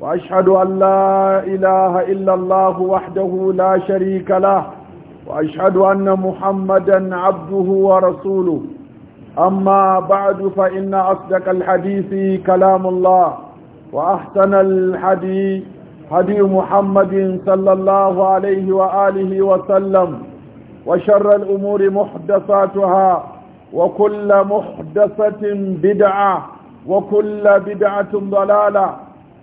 وأشهد أن لا إله إلا الله وحده لا شريك له وأشهد أن محمدا عبده ورسوله أما بعد فإن أصدق الحديث كلام الله وأحسن الحديث هدي محمد صلى الله عليه وآله وسلم وشر الأمور محدثاتها وكل محدثة بدعة وكل بدعة ضلالة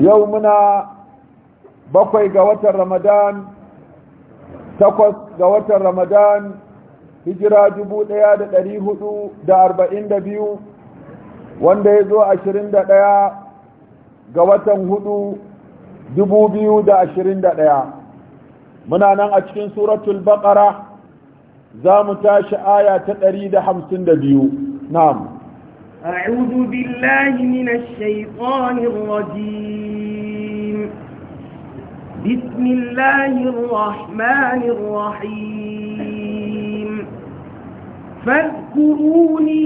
yau muna bakwai ga watan ramadan takwas ga watan ramadan hijira dubu ɗaya da ɗari hudu da arba'in da biyu wanda ya zo ashirin da ɗaya ga watan hudu dubu biyu da ashirin da ɗaya muna nan a cikin suratul baƙara za mu tashi aya ta ɗari da hamsin da biyu na'am أعوذ بالله من الشيطان الرجيم بسم الله الرحمن الرحيم فاذكروني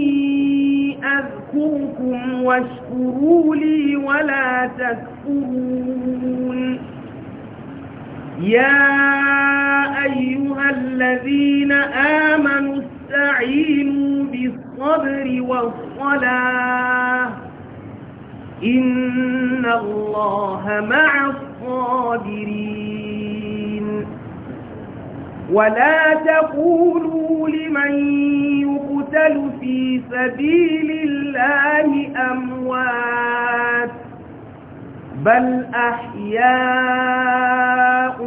أذكركم واشكروا لي ولا تكفرون يا أيها الذين آمنوا واستعينوا بالصبر والصلاة إن الله مع الصابرين ولا تقولوا لمن يقتل في سبيل الله أموات بل أحياء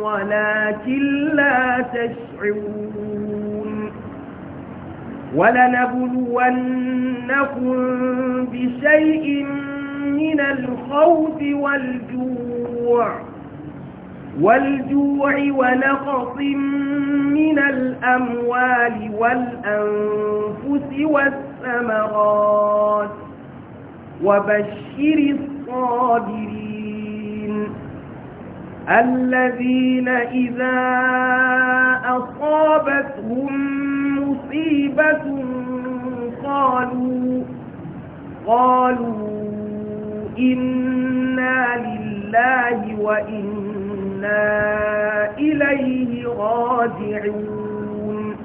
ولكن لا تشعرون ولنبلونكم بشيء من الخوف والجوع والجوع ونقص من الأموال والأنفس والثمرات وبشر الصابرين الذين إذا أصابتهم مصيبة قالوا قالوا إنا لله وإنا إليه راجعون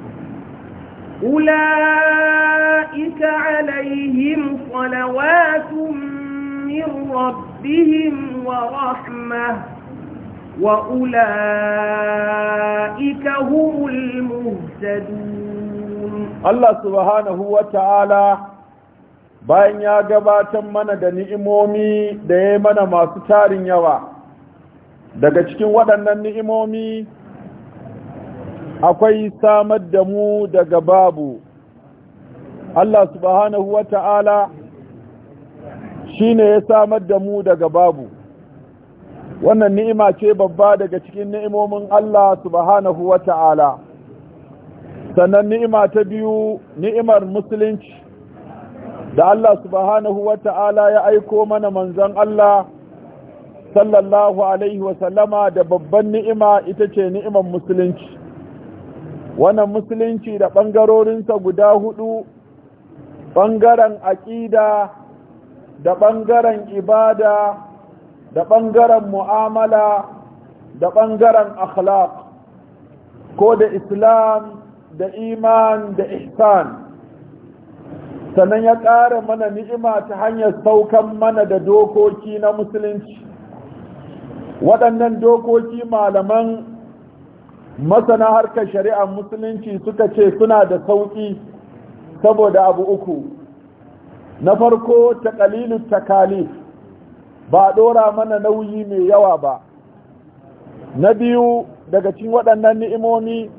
أولئك عليهم صلوات من ربهم ورحمة وأولئك هم المهتدون Allah subhanahu wa ta'ala bayan ya gabatar mana da ni'imomi da ya mana masu tarin yawa daga cikin waɗannan ni'imomi akwai samar da mu daga babu Allah subhanahu wa ta'ala shi ne ya samar da mu daga babu wannan ni'ima ce babba daga cikin ni'imomin Allah subhanahu wa ta'ala sannan ni'ima ta biyu ni'imar musulunci da Allah subhanahu wa ta'ala ya aiko mana manzon Allah sallallahu alaihi wa sallama da babban ni'ima ita ce ni'imar musulunci wannan musulunci da ɓangarorinsa guda hudu ɓangaren aƙida da ɓangaren ibada da ɓangaren mu'amala da ɓangaren akhlaq ko da islam da iman da ihsan sannan ya ƙara mana ni'ima ta hanyar saukan mana da dokoki na musulunci waɗannan dokoki malaman masana harkar shari'ar musulunci suka ce suna da sauƙi saboda abu uku na farko ta taƙalilu takalif ba ɗora mana nauyi mai yawa ba na biyu daga cin waɗannan ni'imomi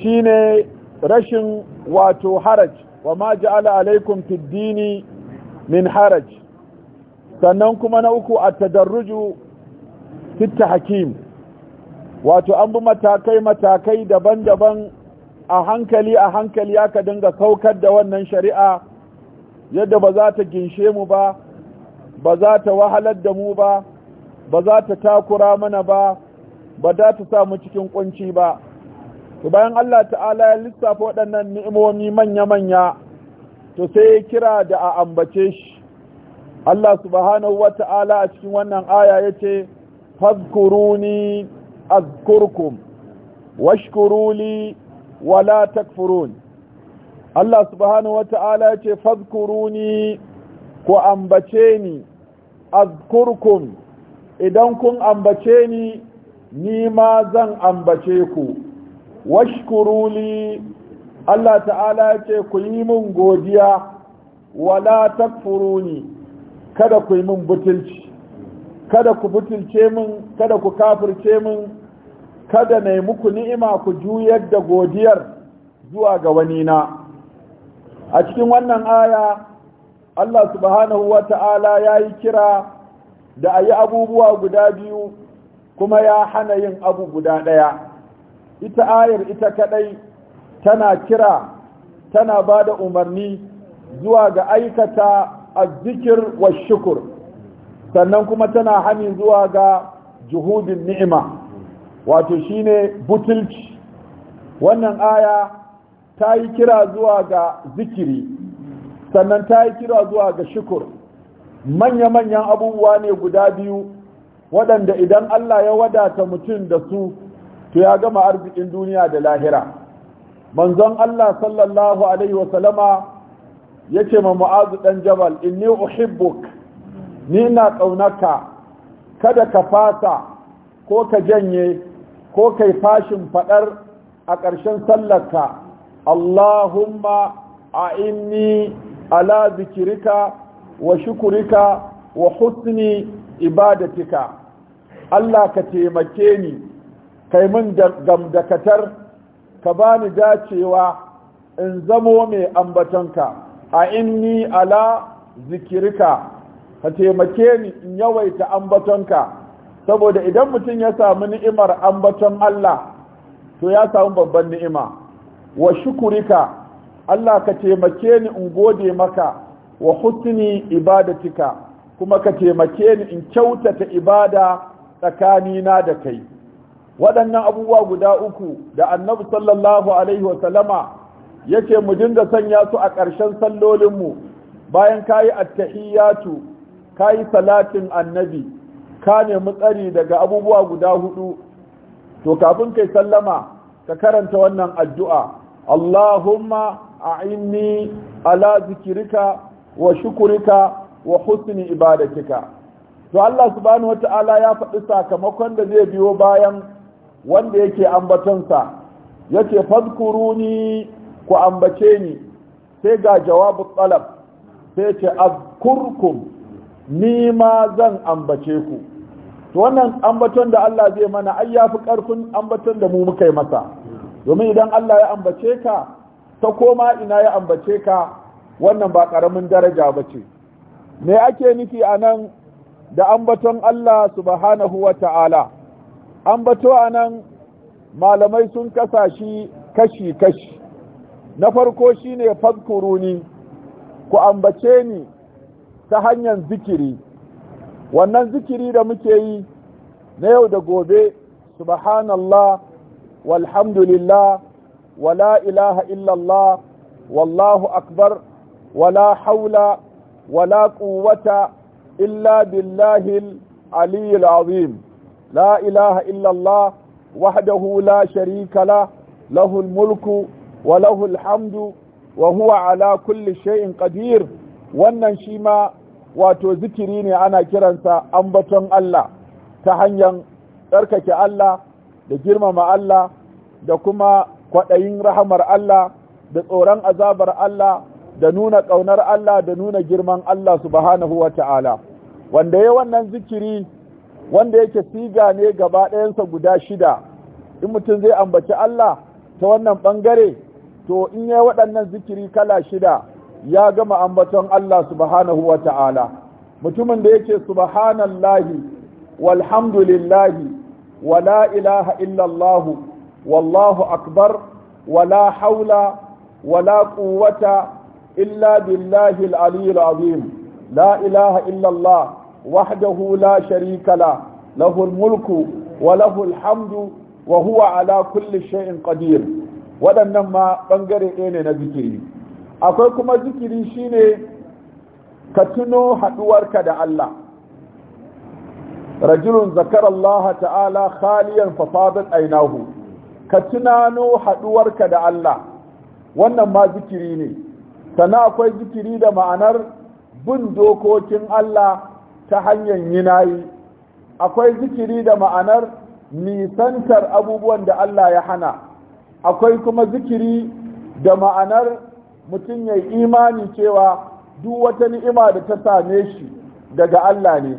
shine rashin wato haraj wa ma ja'ala alaikum fiddini min haraj sannan kuma na uku a tadarruju fitta hakim wato an bi matakai matakai daban-daban a hankali a hankali aka dinga saukar da wannan shari'a yadda ba za ta ginshe mu ba ba za ta wahalar da mu ba ba za ta takura mana ba ba za ta samu cikin kunci ba to bayan Allah ta'ala ya lissafa waɗannan ni'imomi manya-manya to sai ya kira da a ambace shi Allah subhanahu wa ta'ala a cikin wannan aya ya ce fazkuruni azkurkum washkuruli wala takfurun Allah subhanahu wa ta'ala ya ce fazkuruni ku ambace ni azkurkum idan kun ambace ni ni ma zan ambace ku washkuruli Allah ta'ala ya ce ku yi min godiya wala takfuruni kada ku yi min butulci kada ku butulce min kada ku kafirce min kada na muku ni'ima ku juyar da godiyar zuwa ga wani na a cikin wannan aya Allah subhanahu wa ta'ala ya yi kira da ayi abubuwa guda biyu kuma ya hana yin abu guda ɗaya ita ayar ita kadai tana kira tana ba da umarni zuwa ga aikata azzikir wa shukur sannan kuma tana hani zuwa ga juhudin ni'ima wato shine butulci wannan aya ta yi kira zuwa ga zikiri sannan ta yi kira zuwa ga shukur manya-manyan abubuwa ne guda biyu waɗanda idan Allah ya wadata mutum da su to ya gama arzikin duniya da lahira manzon Allah sallallahu alaihi wa sallama yace ma mu'azu dan Jabal inni uhibbuk ni ina kaunaka kada ka fasa ko ka janye ko kai fashin fadar a ƙarshen sallarka Allahumma inni, ala zikrika wa shukurika wa husni ibadatika Allah ka taimake ni kai mun gamdakatar ka bani dacewa in zamo mai ambatonka a inni ala zikirka ka taimake ni in yawaita ambatonka saboda idan mutum ya samu ni'imar ambaton Allah to ya samu babban ni'ima wa shukurika Allah ka taimake ni in gode maka wa husni ibadatika kuma ka taimake ni in kyautata ibada tsakanina da kai waɗannan abubuwa guda uku da annabi sallallahu alaihi sallama yake mu dinga sanya su a ƙarshen sallolinmu bayan kayi attahiyatu kayi salatin annabi ka nemi tsari daga abubuwa guda hudu to kafin kai sallama ka karanta wannan addu'a Allahumma a'inni ala zikirika wa shukurika wa husni ibadatika to Allah subhanahu wata'ala ya faɗi sakamakon da zai biyo bayan wanda yake ambatonsa yace fadkuruni ku ambace ni sai ga jawabu talab sai ce azkurkum ni ma zan ambace ku to wannan ambaton da Allah zai mana ai yafi karfin ambaton da mu muka yi masa domin idan Allah ya ambace ka ta koma ina ya ambace ka wannan ba karamin daraja ba ce me ake nufi anan da ambaton Allah subhanahu wa ta'ala an bato a nan malamai sun kasa shi kashi-kashi na farko shi ne fadkuruni ku ambace ni ta hanyar zikiri wannan zikiri da muke yi na yau da gobe subhanallah walhamdulillah wala ilaha illallah wallahu akbar wala haula wala quwwata illa billahil aliyyil azim لا إله إلا الله وحده لا شريك له له الملك وله الحمد وهو على كل شيء قدير wannan shi ma wato zikiri ne ana kiransa ambaton Allah ta hanyar tsarkake Allah da girmama Allah da kuma kwaɗayin rahamar Allah da tsoron azabar Allah da nuna ƙaunar Allah da nuna girman Allah subhanahu wa ta'ala wanda ya wannan zikiri wanda yake siga ne gaba ɗayansa guda shida in mutum zai ambaci Allah ta wannan ɓangare to in ya waɗannan zikiri kala shida ya gama ambaton Allah subhanahu wa ta'ala mutumin da yake subhanallahi walhamdulillahi la ilaha illallahu wallahu akbar wala haula wala quwwata illa billahi al-aliyyil azim la ilaha illallah وحده لا شريك له له الملك وله الحمد وهو على كل شيء قدير waɗannan ma ɓangare ɗaya ne na zikiri akwai kuma zikiri shine ka tuno haɗuwarka da Allah rajulun zakar Allah ta'ala khaliyan fasadat ainahu ka tunano haɗuwarka da Allah wannan ma zikiri ne sana akwai zikiri da ma'anar bin dokokin Allah ta hanyar yinayi akwai zikiri da ma'anar nisantar abubuwan da Allah ya hana akwai kuma zikiri da ma'anar mutum ya imani cewa duk wata ni'ima da ta same shi daga Allah ne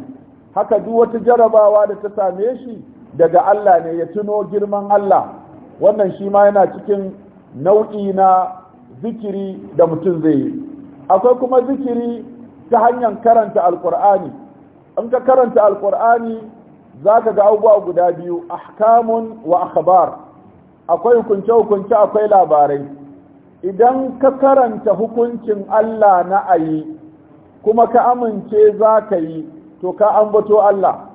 haka duk wata jarabawa da ta same shi daga Allah ne ya tuno girman Allah wannan shi ma yana cikin nau'i na zikiri da mutum zai yi akwai kuma zikiri ta hanyar karanta alkur'ani in ka karanta alkur'ani za ka ga abubuwa guda biyu ahkamun wa akhbar akwai hukunce-hukunce akwai labarai idan ka karanta hukuncin Allah na ayi kuma ka amince za ka yi to ka ambato Allah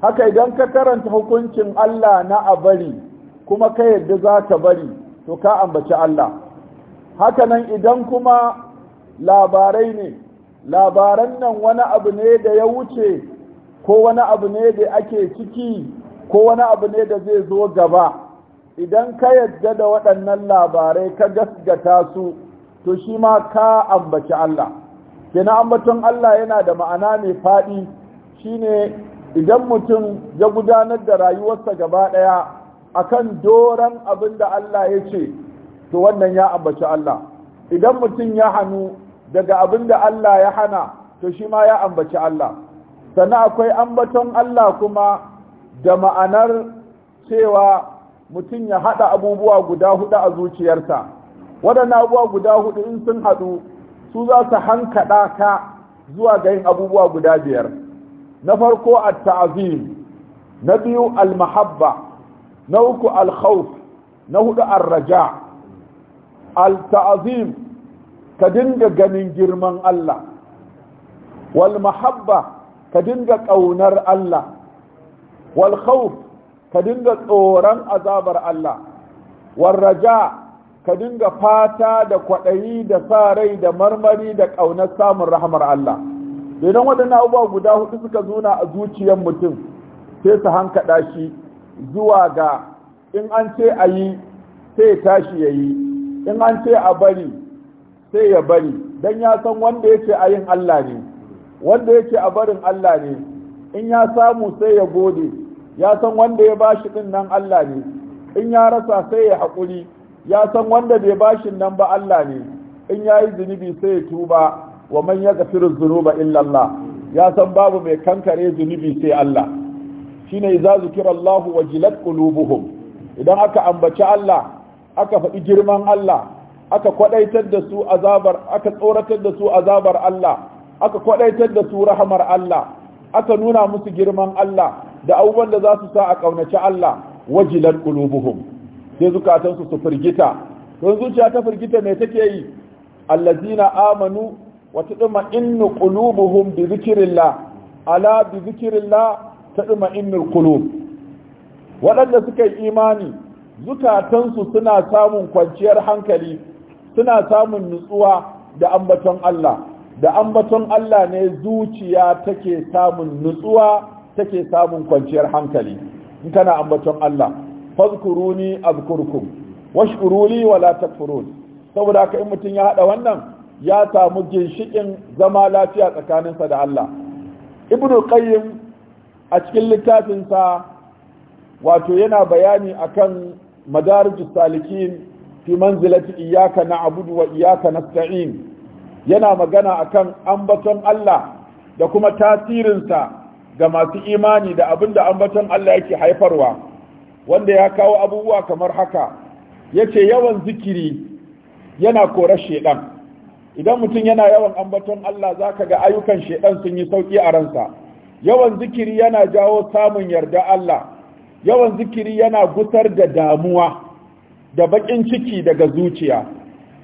haka idan ka karanta hukuncin Allah na a bari kuma ka yadda za ka bari to ka ambaci Allah haka nan idan kuma labarai ne labaran nan wani abu ne da ya wuce ko wani abu ne da ake ciki ko wani abu ne da zai zo gaba idan ka yadda da waɗannan labarai ka gasgata su to shi ma ka ambaci Allah kina ambaton Allah yana da ma'ana mai faɗi shine idan mutum ya gudanar da rayuwarsa gaba ɗaya akan doron abin da Allah ya ce to wannan ya ambaci Allah idan mutum ya hannu daga abin da Allah ya hana to shi ma ya ambaci Allah sannan akwai ambaton Allah kuma da ma'anar cewa mutum ya haɗa abubuwa guda hudu a zuciyarsa waɗannan abubuwa guda hudu in sun haɗu su za su hankaɗa ka zuwa ga yin abubuwa guda biyar na farko at-ta'zim na biyu al-mahabba na uku al-khawf na hudu ar-raja al-ta'zim ka dinga ganin girman Allah wal mahabba ka dinga ƙaunar Allah wal khawf ka dinga tsoron azabar Allah wal raja ka dinga fata da kwaɗayi da sa rai da marmari da ƙaunar samun rahmar Allah idan waɗannan abubuwa guda hudu suka zuna a zuciyar mutum sai su hankaɗa shi zuwa ga in an ce a yi sai tashi ya yi in an ce a bari sai ya bari don ya san wanda yake a yin Allah ne wanda yake a barin Allah ne in ya samu sai ya gode ya san wanda ya bashi din nan Allah ne in ya rasa sai ya haƙuri ya san wanda bai bashi nan ba Allah ne in ya yi zunubi sai ya tuba wa man ya gafiru zunuba illallah ya san babu mai kankare zunubi sai Allah shine idza zikira Allahu wajilat qulubuhum idan aka ambaci Allah aka faɗi girman Allah aka kwadaitar da su azabar aka tsoratar da su azabar Allah aka kwadaitar da su rahamar Allah aka nuna musu girman Allah da abubuwan da za su sa a kaunaci Allah wajilan qulubuhum sai zukatansu su firgita don zuciya ta firgita ne take yi allazina amanu wa tudma innu qulubuhum bi zikrillah ala bi zikrillah tudma innul qulub waɗanda suka yi imani zukatansu suna samun kwanciyar hankali suna samun nutsuwa da ambaton Allah da ambaton Allah ne zuciya take samun nutsuwa take samun kwanciyar hankali in kana ambaton Allah fazkuruni azkurkum washkuruli wala takfurun saboda ka in mutum ya hada wannan ya samu ginshikin zama lafiya tsakaninsa da Allah ibnu qayyim a cikin littafinsa wato yana bayani akan madarijus salikin fi manzilati iyyaka na'budu wa iyyaka nasta'in yana magana akan ambaton Allah da kuma tasirinsa ga masu imani da abinda ambaton Allah yake haifarwa wanda ya kawo abubuwa kamar haka yace yawan zikiri yana kore shedan idan mutum yana yawan ambaton Allah zaka ga ayyukan shedan sun yi sauki a ransa yawan zikiri yana jawo samun yarda Allah yawan zikiri yana gusar da damuwa da bakin ciki daga zuciya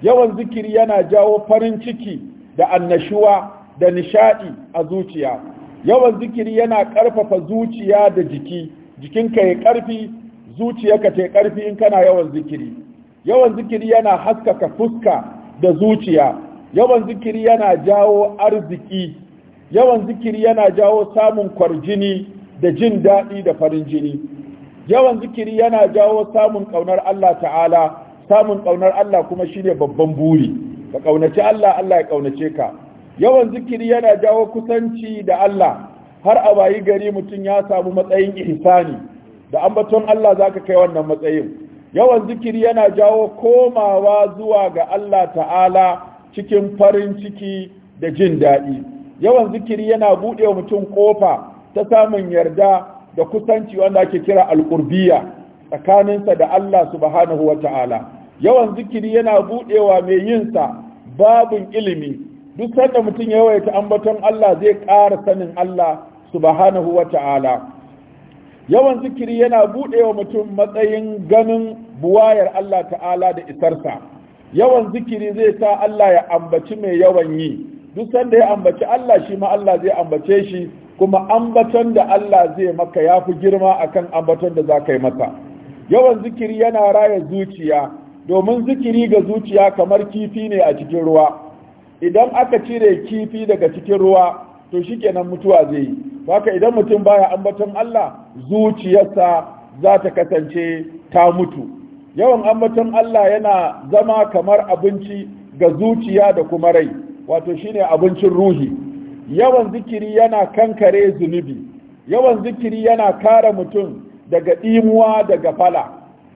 yawan zikiri yana jawo farin ciki da annashuwa da nishaɗi a zuciya yawan zikiri yana ƙarfafa zuciya da jiki jikinka ya ƙarfi zuciyarka ta ƙarfi in kana yawan zikiri yawan zikiri yana haskaka fuska da zuciya yawan zikiri yana jawo arziki yawan zikiri yana jawo samun kwarjini da jin daɗi da farin jini yawan zikiri yana jawo samun ƙaunar Allah ta'ala samun ƙaunar Allah kuma shine babban buri ka ƙaunaci Allah Allah ya ƙaunace ka yawan zikiri yana jawo kusanci da Allah har a bayi gari mutum ya samu matsayin ihsani da ambaton Allah zaka kai wannan matsayin yawan zikiri yana jawo komawa zuwa ga Allah ta'ala cikin farin ciki da jin daɗi yawan zikiri yana buɗe mutum ƙofa ta samun yarda da kusanci wanda ake kira alƙurbiya tsakaninsa da Allah subhanahu wa ta'ala yawan zikiri yana buɗewa mai yinsa babin ilimi duk sanda mutum ya yawaita ambaton Allah zai ƙara sanin Allah subhanahu wa ta'ala yawan zikiri yana buɗewa mutum matsayin ganin buwayar Allah ta'ala da isarsa yawan zikiri zai sa Allah ya ambaci mai yawan yi duk sanda ya ambaci Allah shi ma Allah zai ambace shi kuma ambaton da Allah zai maka ya fi girma akan ambaton da za ka yi mata. yawan zikiri yana raya zuciya domin zikiri ga zuciya kamar kifi ne a cikin ruwa idan aka cire kifi daga cikin ruwa to shi kenan mutuwa zai yi haka idan mutum baya ambaton Allah zuciyarsa za ta kasance ta mutu yawan ambaton Allah yana zama kamar abinci ga zuciya da kuma rai wato shine abincin ruhi yawan zikiri yana kankare zunubi yawan zikiri yana kare mutum daga ɗimuwa daga fala.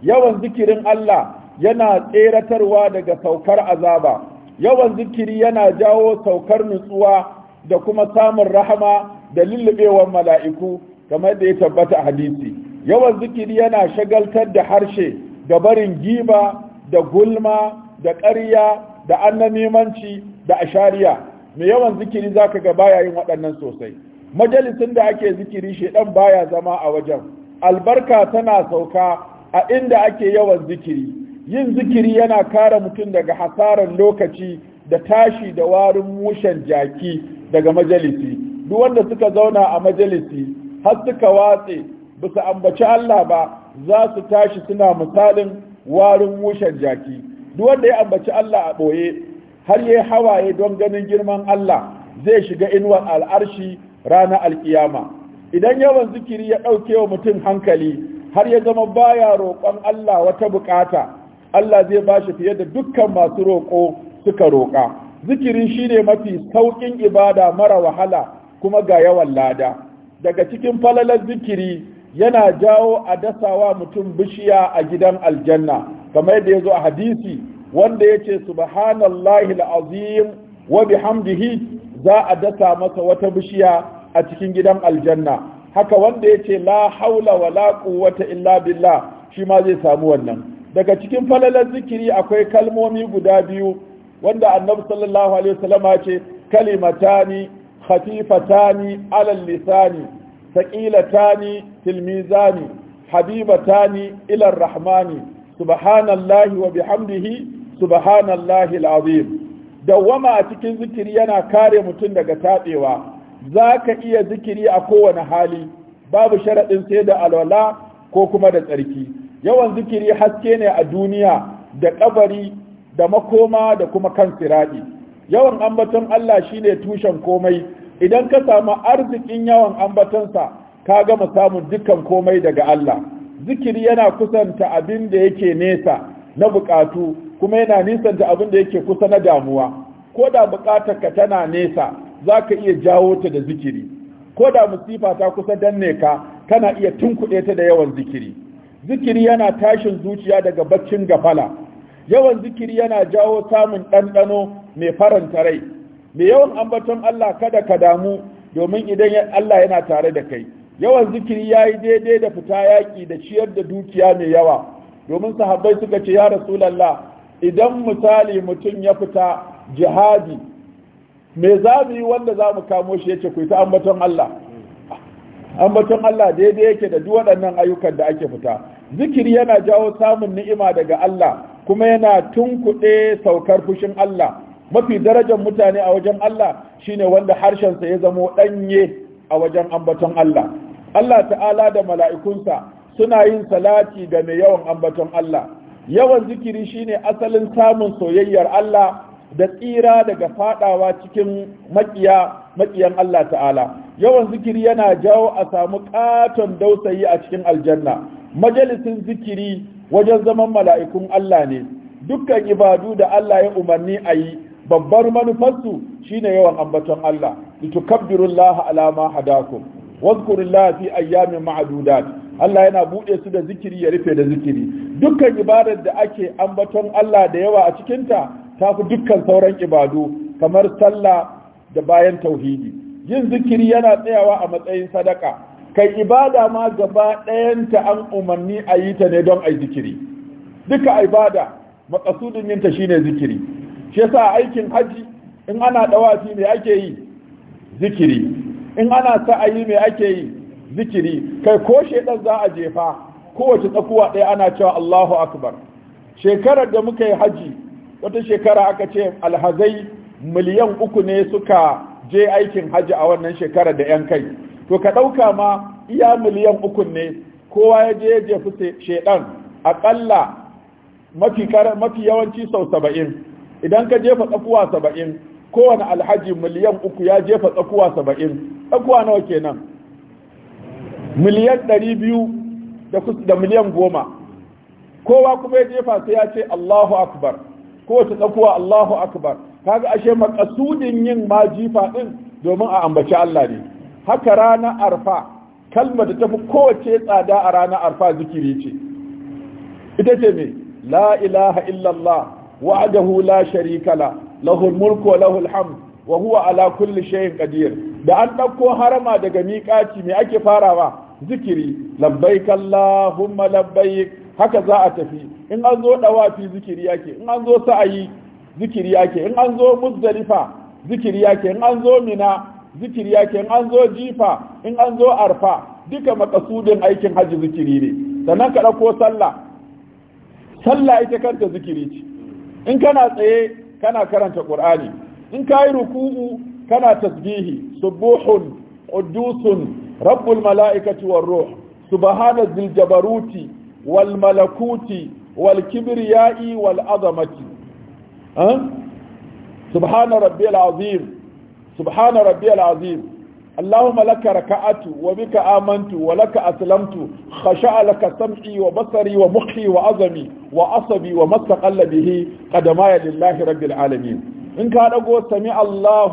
yawan zikirin Allah yana tseratarwa daga saukar azaba yawan zikiri yana jawo saukar nutsuwa da kuma samun rahama da lullubewar mala'iku kamar da ya tabbata hadisi yawan zikiri yana shagaltar da harshe da barin giba da gulma da ƙarya da annamimanci da ashariya mai yawan zikiri za ga baya yin waɗannan sosai majalisin da ake zikiri shaidan baya zama a wajen albarka tana sauka a inda ake yawan zikiri yin zikiri yana kare mutum daga hasaran lokaci da tashi da warin mushen jaki daga majalisi duk wanda suka zauna a majalisi har suka watse bisa ambaci Allah ba za su tashi suna misalin warin mushen jaki duk wanda ya ambaci Allah a ɓoye har yayi hawaye don ganin girman Allah zai shiga inuwar al'arshi rana alkiyama idan yawan zikiri ya ɗauke wa mutum hankali har ya zama baya roƙon Allah wata bukata Allah zai ba shi fiye da dukkan masu roƙo suka roƙa zikiri shine mafi sauƙin ibada mara wahala kuma ga yawan lada daga cikin falalar zikiri yana jawo a dasawa mutum bishiya a gidan aljanna kamar yadda ya zo a hadisi wanda yace subhanallahi alazim wa bihamdihi za a dasa masa wata bishiya a cikin gidan aljanna haka wanda yace la haula wala quwwata illa billah shi ma zai samu wannan daga cikin falalar zikiri akwai kalmomi guda biyu wanda annabi sallallahu alaihi wasallama ce kalimatani khatifatani alal lisani thaqilatani fil mizani habibatani ila rahmani subhanallahi wa bihamdihi subhanallahi alazim dawwama a cikin zikiri yana kare mutum daga tabewa zaka iya zikiri a kowane hali babu sharadin sai da alwala ko kuma da tsarki yawan zikiri haske ne a duniya da kabari da makoma da kuma kan siradi yawan ambaton Allah shine tushen komai idan ka samu arzikin yawan ambatonsa ka gama samun dukkan komai daga Allah zikiri yana kusanta abin da yake nesa na bukatu kuma yana nisanta abin da yake kusa na damuwa ko da bukatar ka tana nesa za ka iya jawo ta da zikiri ko da musifa ta kusa danne ka kana iya tunkuɗe ta da yawan zikiri zikiri yana tashin zuciya daga baccin gafala yawan zikiri yana jawo samun ɗanɗano mai faranta rai mai yawan ambaton Allah kada ka damu domin idan Allah yana tare da kai yawan zikiri ya yi daidai da fita yaƙi da ciyar da dukiya mai yawa domin sahabbai suka ce ya rasulallah idan misali mutum ya fita jihadi me za mu yi wanda za mu kamo shi yace ku ta ambaton Allah ambaton Allah daidai yake da duk waɗannan ayyukan da ake fita zikiri yana jawo samun ni'ima daga Allah kuma yana tunkuɗe saukar fushin Allah mafi darajar mutane a wajen Allah shine wanda harshen sa ya zamo ɗanye a wajen ambaton Allah Allah ta'ala da mala'ikunsa suna yin salati ga mai yawan ambaton Allah yawan zikiri shine asalin samun soyayyar Allah da tsira daga fadawa cikin makiya makiyan Allah ta'ala yawan zikiri yana jawo a samu katon dausayi a cikin aljanna majalisin zikiri wajen zaman mala'ikun Allah ne dukkan ibadu da Allah ya umarni a yi babbar manufarsu shine yawan ambaton Allah litukabbirullaha ala ma hadakum wadhkurullaha fi ayyamin ma'dudat Allah yana buɗe su da zikiri ya rufe da zikiri dukkan ibadar da ake ambaton Allah da yawa a cikinta ta fi dukkan sauran ibadu kamar sallah da bayan tauhidi yin zikiri yana tsayawa a matsayin sadaka kai ibada ma gaba ɗayanta an umarni a yi ta ne don a zikiri duka ibada makasudin yinta shine zikiri shi yasa aikin haji in ana dawafi me ake yi zikiri in ana sa'ayi me ake yi zikiri kai ko shedan za a jefa kowace tsakuwa ɗaya ana cewa Allahu akbar shekarar da muka yi haji wata shekara aka ce alhazai miliyan uku ne suka je aikin haji a wannan shekara da 'yan kai to ka ɗauka ma iya miliyan uku ne kowa ya je ya jefi shedan aƙalla mafi mafi yawanci sau saba'in idan ka jefa tsakuwa saba'in kowane alhaji miliyan uku ya jefa tsakuwa saba'in tsakuwa nawa kenan miliyan 200 da miliyan 10 kowa kuma ya jefa sai ya ce Allahu akbar kowace tsakuwa Allahu akbar kaga ashe makasudin yin ma jifa din domin a ambaci Allah ne haka rana arfa kalmar da tafi kowace tsada a rana arfa zikiri ce ita ce me la ilaha illallah wa'adahu la sharika la lahul mulku wa lahul hamd wa huwa ala kulli shay'in qadir da an dauko harama daga miƙaci me ake farawa zikiri labbaik Allahumma labbaik haka za a tafi in an zo dawafi zikiri yake in an zo sa'ayi zikiri yake in an zo muzdalifa zikiri yake in an zo mina zikiri yake in an zo jifa in an zo arfa duka makasudin aikin hajji zikiri ne sannan ka ɗauko sallah sallah ita kanta zikiri ce in kana tsaye kana karanta qur'ani in kayi ruku'u kana tasbihi subuhun qudusun rabbul mala'ikati war ruh subhana dhil jabaruti wal malakuti wal kibriyai wal azamati subhana rabbiyal azim subhana rabbiyal azim اللهم لك ركعت وبك آمنت ولك أسلمت خشع لك سمعي وبصري ومخي وعظمي وعصبي وما استقل به قدماي لله رب العالمين إن كان أقول سمع الله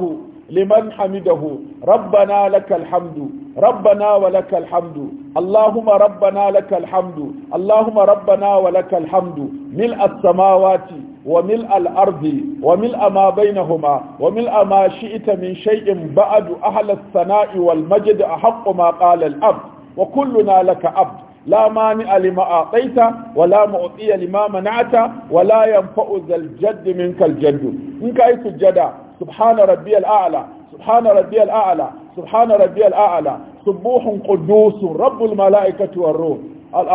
liman hamidahu rabbana lakal hamdu rabbana wa lakal hamdu allahumma rabbana lakal hamdu allahumma rabbana wa lakal hamdu mil as-samawati وملء الأرض وملء ما بينهما وملء ما شئت من شيء بعد أهل الثناء والمجد أحق ما قال الأب وكلنا لك عبد لا مانع لما أعطيت ولا معطي لما منعت ولا ينفع ذا الجد منك الجد إنك أي سجدا سبحان ربي الأعلى سبحان ربي الأعلى سبحان ربي الأعلى سبوح قدوس رب الملائكة والروح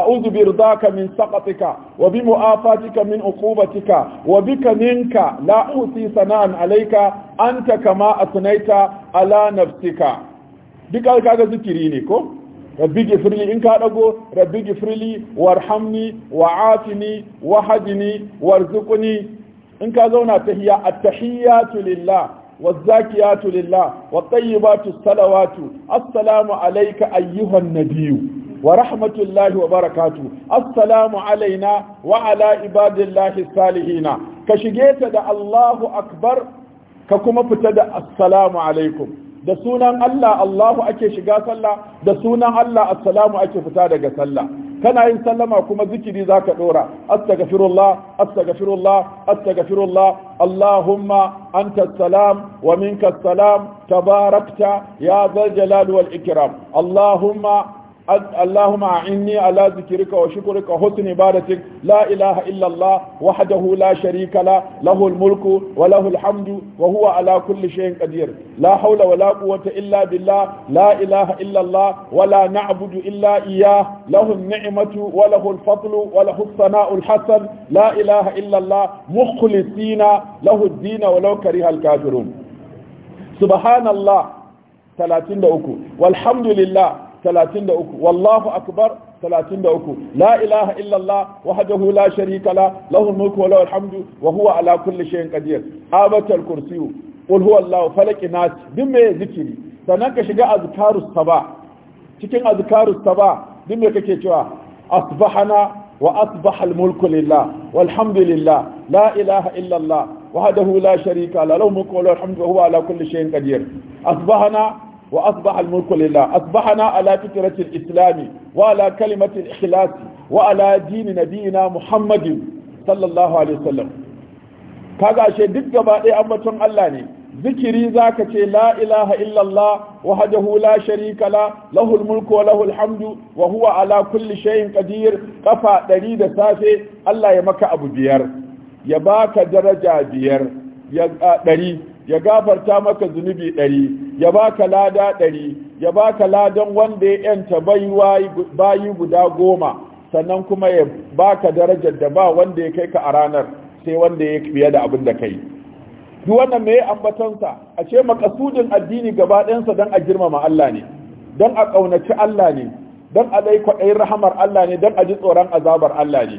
أعوذ برضاك من سقطك وبمؤافاتك من عقوبتك وبك منك لا أوصي ثناء عليك أنت كما أثنيت على نفسك duk alkaga ذكرينيكو ربي اغفر لي ان in ربي dago rabbi gifirli warhamni wa'afini wahadini in ka zauna ta a ta hiya tulilla wa zakiya tulilla wa salawatu assalamu alaika ayyuhan na biyu wa rahmatullahi wa barakatu assalamu alaina wa ibadillahi salihina ka shige ta da allahu akbar ka kuma fita da assalamu alaikum da sunan allah allahu ake shiga sallah da sunan allah assalamu ake fita daga sallah kana yin sallama kuma zikiri zaka dora astaghfirullah astaghfirullah astaghfirullah allahumma anta salam wa minka salam tabarakta ya zal jalal wal ikram allahumma اللهم أعني على ذكرك وشكرك وحسن عبادتك لا إله إلا الله وحده لا شريك له له الملك وله الحمد وهو على كل شيء قدير لا حول ولا قوة إلا بالله لا إله إلا الله ولا نعبد إلا إياه له النعمة وله الفضل وله الثناء الحسن لا إله إلا الله مخلصين له الدين ولو كره الكافرون سبحان الله 33 والحمد لله 33 wallahu akbar 33 la ilaha illallah wahdahu la sharika la lahu mulku wa lahu alhamdu wa huwa ala kulli shay'in qadir abatal kursiyyu qul huwallahu falaq nas duk me zikiri sannan ka shiga azkarus sabah cikin azkarus sabah duk me kake cewa asbahana wa asbaha almulku lillah walhamdulillah la ilaha illallah wahdahu la sharika la lahu mulku wa lahu alhamdu wa huwa ala kulli shay'in qadir asbahana wa asbaha al-mulku lillah asbahana ala fitrati al-islam wa ala kalimati al-ikhlas wa ala dini nabiyina muhammadin sallallahu alaihi wasallam kaga ashe duk gaba ɗaya ambaton Allah ne zikiri zaka ce la ilaha illallah وحده لا شريك له له الملك وله الحمد وهو على كل شيء قدير قفا دري da safe Allah ya maka abu biyar ya baka daraja biyar ya ya gafarta maka zunubi ɗari ya baka lada ɗari ya baka ladan wanda ya yanta bayi guda goma sannan kuma ya baka darajar da ba wanda ya kai ka a ranar sai wanda ya fiye da abin da kai duk wannan mai ambatansa a ce makasudin addini gaba ɗansa don a girmama Allah ne don a ƙaunaci Allah ne don a dai kwaɗayin rahamar Allah ne don a ji tsoron azabar Allah ne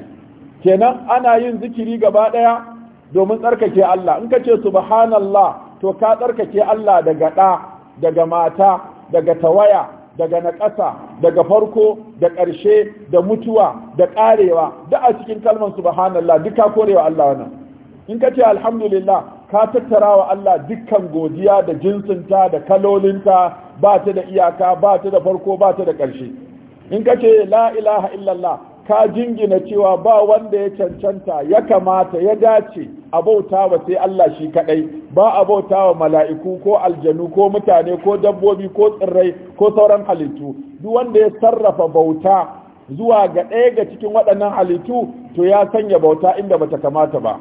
kenan ana yin zikiri gaba ɗaya domin tsarkake Allah in ka ce subhanallah to ka tsarkake Allah daga ɗa daga mata daga tawaya daga naƙasa daga farko da ƙarshe da mutuwa da ƙarewa da a cikin kalmar subhanallah duka korewa Allah wannan in ka ce alhamdulillah ka tattara wa Allah dukkan godiya da jinsinta da kalolinta ba ta da iyaka ba ta da farko ba ta da ƙarshe in ka ce la ilaha illallah ka jingina cewa ba wanda ya cancanta ya kamata ya dace a bauta wa sai Allah shi kadai ba a wa mala'iku ko aljanu ko mutane ko dabbobi ko tsirrai ko sauran halittu duk wanda ya sarrafa bauta zuwa ga ɗaya ga cikin waɗannan halittu to ya sanya bauta inda bata kamata ba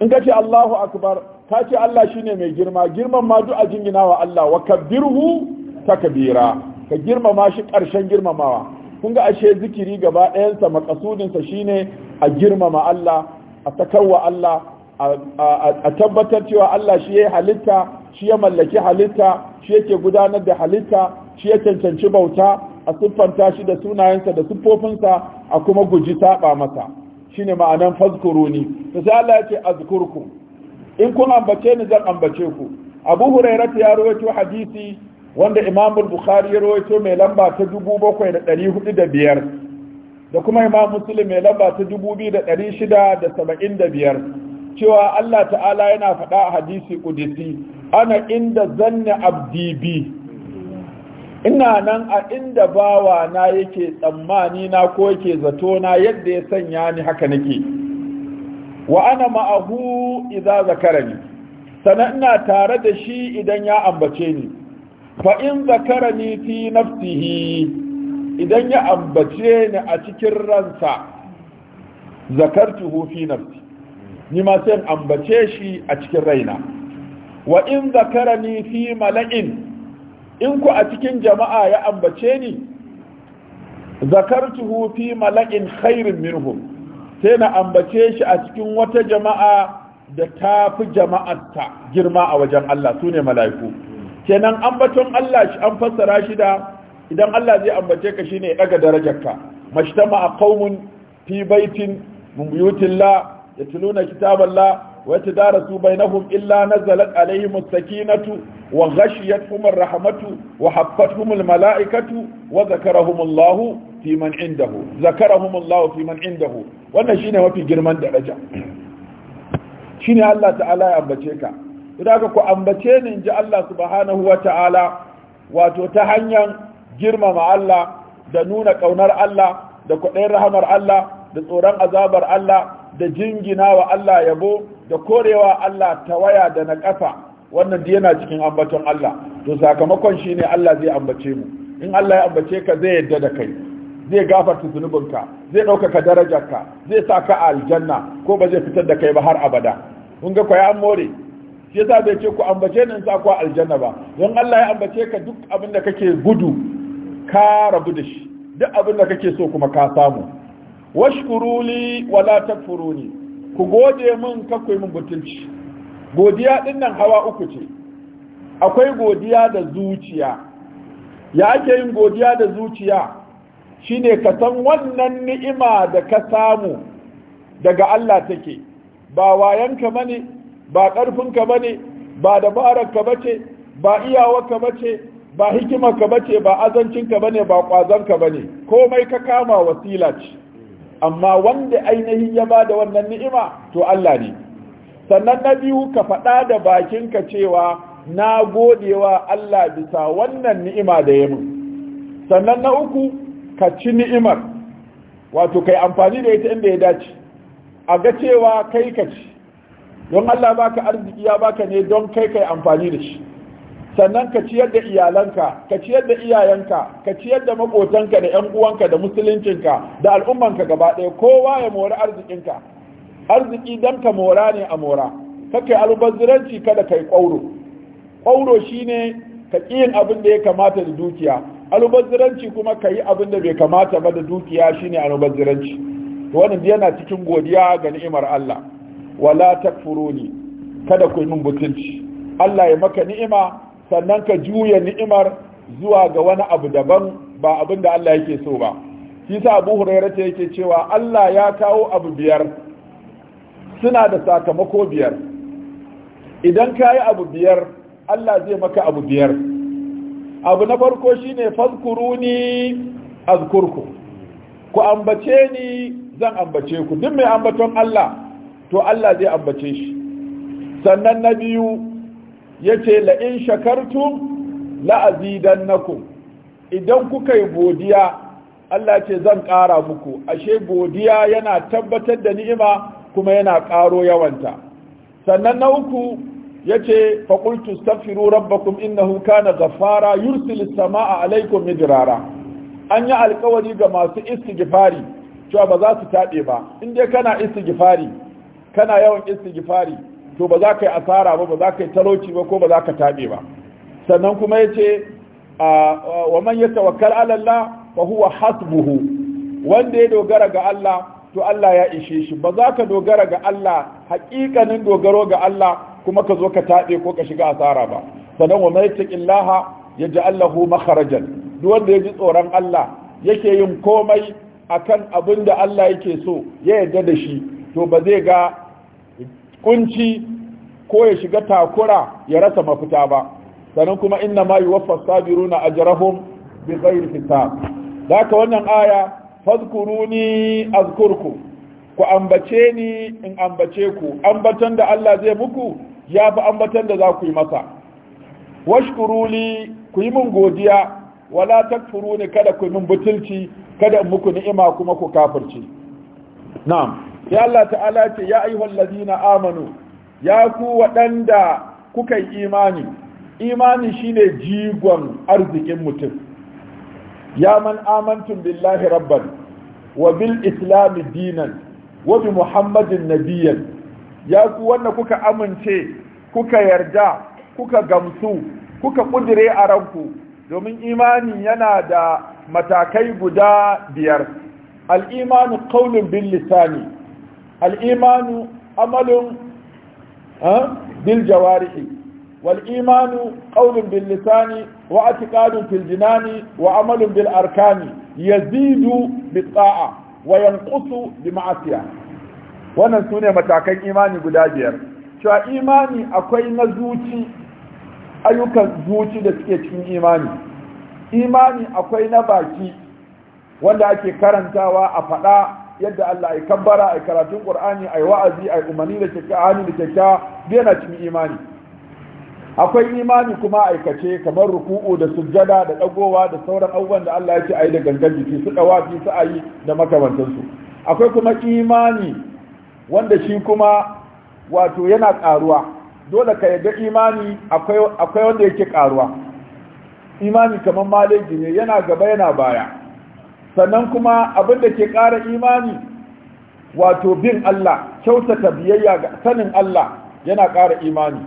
in ka ce Allahu akbar ka ce Allah shine mai girma girman ma duk a jinginawa Allah wa kabbirhu takbira ka girmama shi ƙarshen girmamawa kun ga ashe zikiri gaba ɗayansa makasudinsa shine a girmama Allah a takawa Allah a tabbatar cewa Allah shi ya halitta shi ya mallaki halitta shi yake gudanar da halitta shi ya cancanci bauta a siffanta shi da sunayensa da siffofinsa a kuma guji saba masa shine ma'anan fazkuruni to sai Allah yake ce azkurku in kun ambace ni zan ambace ku Abu Hurairah ya rawaito hadisi wanda imam bukhari ya rawaito mai lamba ta 7405 da kuma imam muslim mai lamba ta 2675 cewa Allah ta'ala yana faɗa a hadisi kudisi ana inda zanne abdi bi ina nan a inda bawa na yake tsammani na ko yake zato na yadda ya sanya ni haka nake wa ana ma'ahu idza zakarani sana ina tare da shi idan ya ambace ni fa in ni fi nafsihi idan ya ambace ni a cikin ransa zakartuhu fi nafsi ni ma sai ambace shi a cikin raina wa in ni fi mala'in in ku a cikin jama'a ya ambace ni zakartuhu fi mala'in khairin minhum sai na ambace shi a cikin wata jama'a da tafi jama'arta girma a wajen Allah sune mala'iku kenan ambaton Allah shi an fassara shi da idan Allah zai ambace ka shine ya daga darajarka mashtama a qaumun fi baitin min buyutillah yatluna kitaballah wa yatadarasu bainahum illa nazalat alaihim as-sakinatu wa ghashiyatuhum ar-rahmatu wa haffatuhum malaikatu wa zakarahum Allah fi man indahu zakarahum Allah fi man indahu wannan mafi girman daraja shine Allah ta'ala ya ambace ka idan ku ambace ni ji Allah subhanahu wa ta'ala wato ta hanyar girmama Allah da nuna ƙaunar Allah da kwaɗayin rahamar Allah da tsoron azabar Allah da jingina wa Allah yabo da korewa Allah ta waya da na ƙafa wannan da yana cikin ambaton Allah to sakamakon shi ne Allah zai ambace mu in Allah ya ambace ka zai yarda da kai zai gafarta zunubinka zai ɗaukaka darajarka zai sa ka a aljanna ko ba zai fitar da kai ba har abada kun ga kwaya more yasa bai ce ku ambace ni in sa ku aljanna ba don Allah ya ambace ka duk abin da kake gudu ka rabu da shi duk abin da kake so kuma ka samu washkuru li wala takfuruni ku gode min ka ku min butulci godiya din nan hawa uku ce akwai godiya da zuciya ya ake yin godiya da zuciya shine ka san wannan ni'ima da ka samu daga Allah take ba wayanka bane ba ƙarfinka ba ne ba dabararka ba bace, ba iyawarka ba ce ba hikimarka ba ce ba azancinka ba ne ba ƙwazonka ba ne komai ka kama wasila ce amma wanda ainihin ya ba da wannan ni'ima to Allah ne sannan na biyu ka faɗa da bakinka cewa na godewa Allah bisa wannan ni'ima da ya sannan na uku ka ci ni'imar wato kai amfani da ita inda ya dace a ga cewa kai ka ci don Allah ba ka arziki ya baka ne don kai kai amfani da shi sannan ka ciyar da iyalanka ka ciyar da iyayenka ka ciyar da makotanka da yan uwanka da musuluncinka da al'ummanka gaba ɗaya kowa ya mora arzikinka arziki dan ka mora ne a mora kake albazziranci kada kai kwauro kwauro shine ka kiyin abin da ya kamata da dukiya albazziranci kuma ka yi abin da bai kamata ba da dukiya shine albazziranci wannan yana cikin godiya ga ni'imar Allah wala takfuruni kada ku yi min butunci Allah ya maka ni'ima sannan ka juya ni'imar zuwa ga wani abu daban ba abin da Allah yake so ba shi sa Abu Hurairah ta yake cewa Allah ya kawo abu biyar suna da sakamako biyar idan ka yi abu biyar Allah zai maka abu biyar abu na farko shine fazkuruni azkurku ku ambace ni zan ambace ku duk mai ambaton Allah to Allah zai ambace shi sannan na biyu yace la'in in shakartum la naku idan kuka yi godiya Allah ce zan ƙara muku ashe godiya yana tabbatar da ni'ima kuma yana ƙaro yawanta sannan na uku yace faqultu astaghfiru rabbakum innahu kana ghaffara yursilis samaa alaikum midrara an yi alkawari ga masu istighfari cewa ba za su taɓe ba in dai kana gifari. kana yawan istighfari to ba za ka yi asara ba ba za ka yi talauci ba ko ba za ka tabe ba sannan kuma yace wa man yatawakkal ala Allah fa huwa hasbuhu wanda ya dogara ga Allah to Allah ya ishe shi ba za ka dogara ga Allah haƙiƙanin dogaro ga Allah kuma ka zo ka tabe ko ka shiga asara ba sannan wa man yattaqillaha yaj'al lahu makharajan duk wanda ya ji tsoron Allah yake yin komai akan abin da Allah yake so ya yarda da shi to ba zai ga kunci ko ya shiga takura ya rasa mafita ba sannan kuma inna ma yuwaffas sabiruna ajrahum bi ghairi hisab daka wannan aya ni azkurku ku ambace ni in ambace ku ambatan da Allah zai muku ya fi ambatan da za ku yi masa washkuruli ku yi min godiya wala takfuruni kada ku yi min butulci kada in muku ni'ima kuma ku kafirci na'am sai Allah ta'ala ce ya ayyuhal ladina amanu ya ku waɗanda kuka yi imani imani shine jigon arzikin mutum ya man amantun billahi rabban wa bil islam dinan wa bi muhammadin nabiyyan ya ku wanda kuka amince kuka yarda kuka gamsu kuka kudire a ranku domin imani yana da matakai guda biyar al-imanu qawlun bil lisani al'imanu amalun bil jawarihi wal bil lisani wa i'tiqadun fil wa amalun bil arkani yazidu bit ta'a wa yanqusu bi ma'asiya wannan sune matakan imani guda biyar cewa imani akwai na zuci ayyukan zuci da suke cikin imani imani akwai na baki wanda ake karantawa a faɗa yadda Allah ya kabbara a karatun Qur'ani ai wa'azi ai umarni da kyakkyawa da kyakkyawa bai yana cikin imani akwai imani kuma aikace kamar ruku'u da sujjada da dagowa da sauran abubuwan da Allah ya ce ayi da gangan jiki su dawafi su ayi da makamantansu akwai kuma imani wanda shi kuma wato yana karuwa dole ka yadda imani akwai akwai wanda yake karuwa imani kamar maleji ne yana gaba yana baya sannan kuma abin da ke ƙara imani wato bin Allah kyautata biyayya ga sanin Allah yana ƙara imani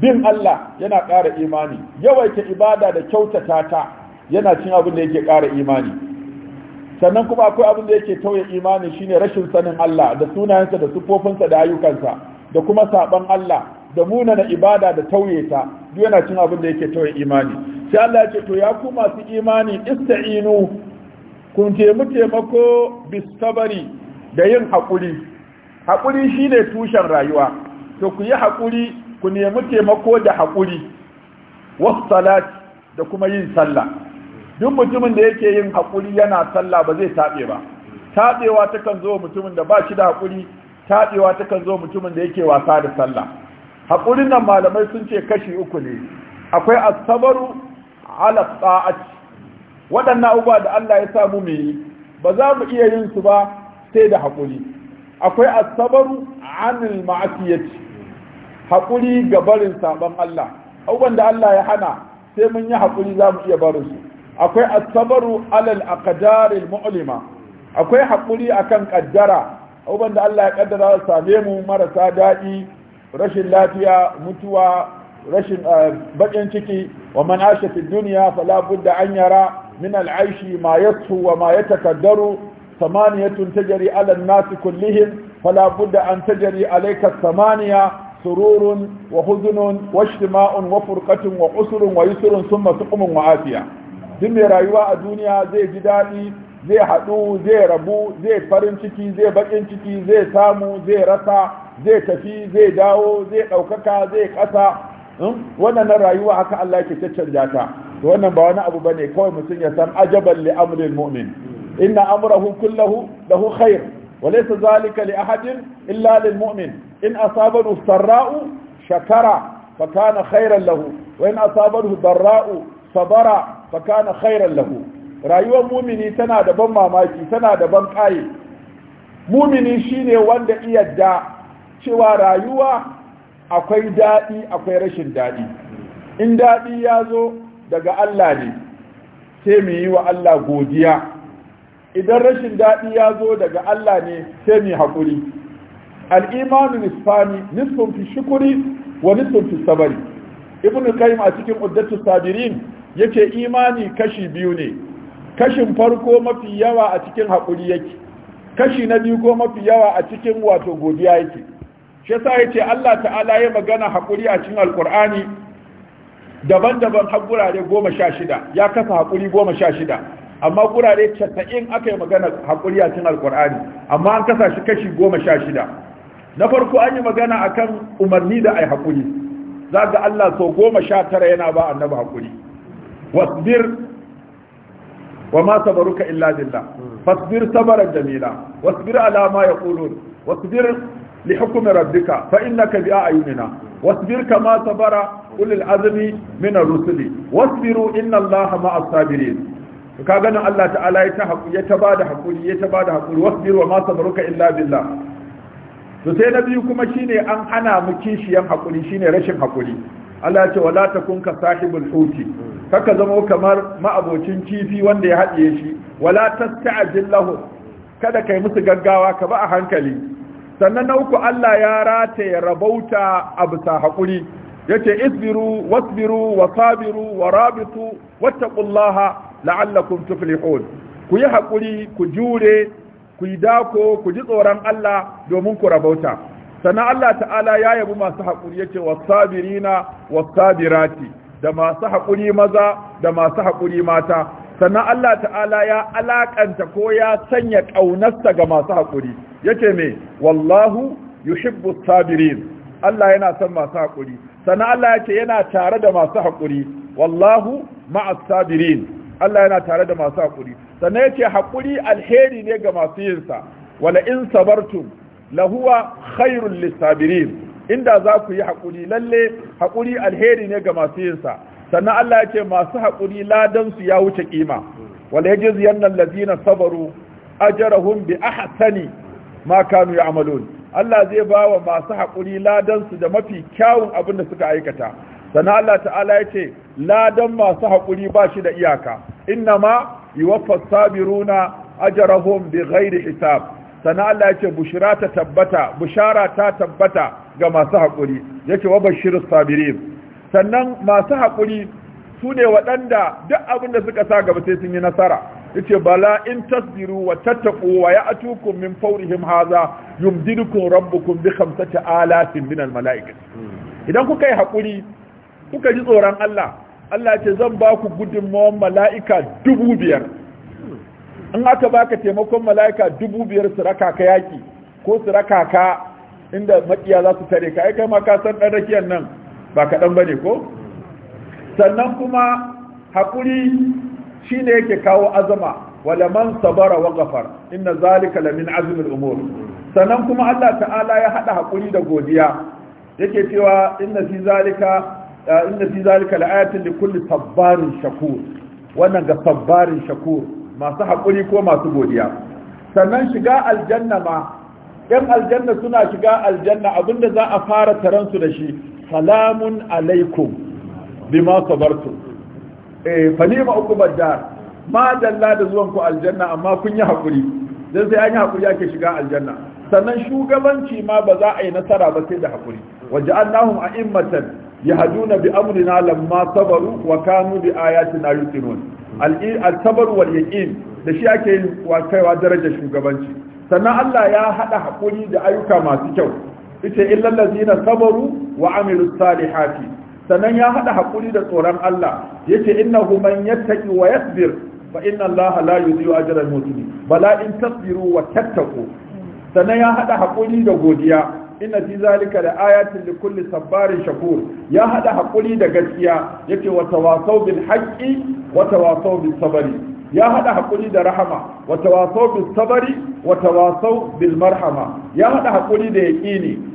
bin Allah yana ƙara imani yawaita ibada da kyautata ta yana cin abin da yake ƙara imani sannan kuma akwai abin da yake tauye imani shine rashin sanin Allah da sunayensa da sufofinsa da ayyukansa da kuma saban Allah da muna na ibada da tauye ta duk yana cin abin da yake tauye imani sai Allah ya ce to ya ku masu imani ista'inu kun taimu taimako bisabari da yin haƙuri haƙuri shi ne tushen rayuwa to ku yi haƙuri ku nemi taimako da haƙuri wasu salat da kuma yin sallah duk mutumin da yake yin haƙuri yana sallah ba zai taɓe ba taɓewa takan zo mutumin da ba shi da haƙuri taɓewa takan zo mutumin da yake wasa da sallah haƙurin nan malamai sun ce kashi uku ne akwai asabaru ala tsa'ati waɗannan abubuwa da Allah ya samu mu yi ba za mu iya yin su ba sai da haƙuri akwai asabaru anil ma'asiyati haƙuri ga barin saban Allah abubuwan da Allah ya hana sai mun yi haƙuri za mu iya barin su akwai asabaru alal aqdaril mu'lima akwai haƙuri akan kaddara abubuwan da Allah ya kaddara su same mu marasa daɗi rashin lafiya mutuwa rashin eh, baƙin ciki wa man asha fi dunya fala budda an yara من العيش ما يطهو وما يتكدر ثمانية تجري على الناس كلهم فلا بد أن تجري عليك الثمانية سرور وحزن واجتماع وفرقة وعسر ويسر ثم سقم وعافية ثم رأيوا الدنيا زي جدالي زي حدو زي ربو زي فرنشتي زي بجنشتي زي سامو زي رسا زي تفي زي داو زي أوككا زي قسا وانا نرأيوا حكا الله يتشجعتا to wannan ba wani abu ne kawai mutum ya san ajaban li amril mu'min Ina amrahu kullahu lahu khair wa laysa zalika liahadin ahadin illa mu'min in asabahu sarra'u shakara fa kana khairan lahu wa in sabara fa kana lahu rayuwar mumini tana da ban mamaki tana da ban kaye mumini shine wanda iyadda cewa rayuwa akwai daɗi akwai rashin daɗi in daɗi ya zo daga Allah ne sai mu yi wa Allah godiya idan rashin daɗi ya zo daga Allah ne sai mu haƙuri al'imanu nisfani nisfun fi shukuri wa nisfun fi sabari ibn qayyim a cikin uddatu sabirin yake imani kashi biyu ne kashin farko mafi yawa a cikin haƙuri yake kashi na biyu ko mafi yawa a cikin wato godiya yake shi yasa yace Allah ta'ala ya magana haƙuri a cikin Alƙur'ani. daban-daban har gurare goma sha shida ya kasa haƙuri goma sha shida amma gurare casa'in aka yi magana haƙuri a cin alƙur'ani amma an kasa shi kashi goma sha shida na farko an yi magana kan umarni da yi haƙuri za ga Allah sau goma sha tara yana ba annabi haƙuri wasbir wa ma sabaruka illa billah fasbir sabaran jamila wasbir alama ya yaqulun wasbir li hukmi rabbika fa innaka bi a'yunina wasbir kama sabara ulul azmi min ar-rusuli wasbiru inna allaha ma'as sabirin Allah ta'ala ya ta hakuri ya ta bada hakuri ya wa ma illa na biyu kuma shine an hana mu kishiyan hakuri shine rashin hakuri Allah ya ce wala takun ka sahibul huti kaka zama kamar ma'abocin kifi wanda ya haɗiye shi wala tasta'jil lahu kada kai musu gaggawa ka ba a hankali sannan na uku Allah ya rataye rabauta a bisa haƙuri yace isbiru wasbiru wa sabiru wa rabitu wattaqullaha la'allakum tuflihun ku yi hakuri ku jure ku yi dako ku ji tsoron Allah domin ku rabauta sannan Allah ta'ala ya yabi masu hakuri yace wasabirina wasabirati da masu hakuri maza da masu hakuri mata sannan Allah ta'ala ya alakanta ko ya sanya ƙaunarsa ga masu hakuri yace me wallahu yuhibbu sabirin Allah yana son masu haƙuri sannan Allah ya ce yana tare da masu haƙuri wallahu ma'as sabirin Allah yana tare da masu haƙuri sannan ya ce haƙuri alheri ne ga masu yinsa wala in sabartum lahuwa khairul lisabirin inda za ku yi haƙuri lalle haƙuri alheri ne ga masu yinsa sannan Allah ya ce masu haƙuri ladan su ya wuce kima wala yajzi yanna allazina sabaru ajrahum bi ahsani ma kanu ya'malun Allah zai ba wa masu haƙuri ladansu da mafi kyawun abin da suka aikata Sana Allah ta'ala ya ce ladan masu haƙuri ba shi da iyaka inna ma yuwaffa sabiruna bi ghairi hisab Sana Allah ya ce bushara ta tabbata bushara ta tabbata ga masu haƙuri Ya ce wa Bashir sabirin sannan masu haƙuri su ne waɗanda duk abin da suka sa gaba sai sun yi nasara yace bala in tasbiru wa tattaqu wa ya'tukum min fawrihim hadha yumdidukum rabbukum bi khamsati alatin min almalaikati idan kuka yi hakuri kuka ji tsoron Allah Allah ce zan ba ku gudunmawar mala'ika dubu biyar in aka baka taimakon mala'ika dubu biyar su raka ka yaƙi ko su raka ka inda makiya za su tare ka ai kai ma ka san ɗan rakiyar nan ba kaɗan ba ne ko sannan kuma haƙuri ne yake kawo azama wala man sabara wa ghafar inna zalika la min azmi umur sannan kuma Allah ta'ala ya haɗa haƙuri da godiya yake cewa inna fi zalika inna da zalika la'ayatin likulli sabbarin shakur wannan ga sabbarin shakur masu haƙuri ko masu godiya sannan shiga aljanna ma yan aljanna suna shiga aljanna abinda za a fara taransu da shi salamun alaikum bima sabartum eh falima ukubar dar ma dalla da zuwan ku aljanna amma kun yi hakuri dan sai an yi hakuri ake shiga aljanna sannan shugabanci ma ba za a yi nasara ba sai da hakuri waja'alnahum a'immatan yahduna bi amrina lamma sabaru wa kanu bi ayatina yuqinun al-sabr wal yaqin da shi ake yin kaiwa darajar shugabanci sannan Allah ya haɗa hakuri da ayyuka masu kyau ita illal ladzina sabaru wa amilus salihati sannan ya haɗa hakuri da tsoron Allah inna hu man yattaqi wa yasbir fa inna Allah la yudhi'u ajra al-mu'minin bala in tasbiru wa tattaqu sannan ya haɗa haƙuri da godiya inna fi zalika da ayatin li kulli sabbarin shakur ya haɗa hakuri da gaskiya yake wa tawasaw bil haqqi wa tawasaw bis ya haɗa haƙuri da rahama wa tawasaw bil sabari, wa tawasaw bil marhama ya haɗa haƙuri da yaƙini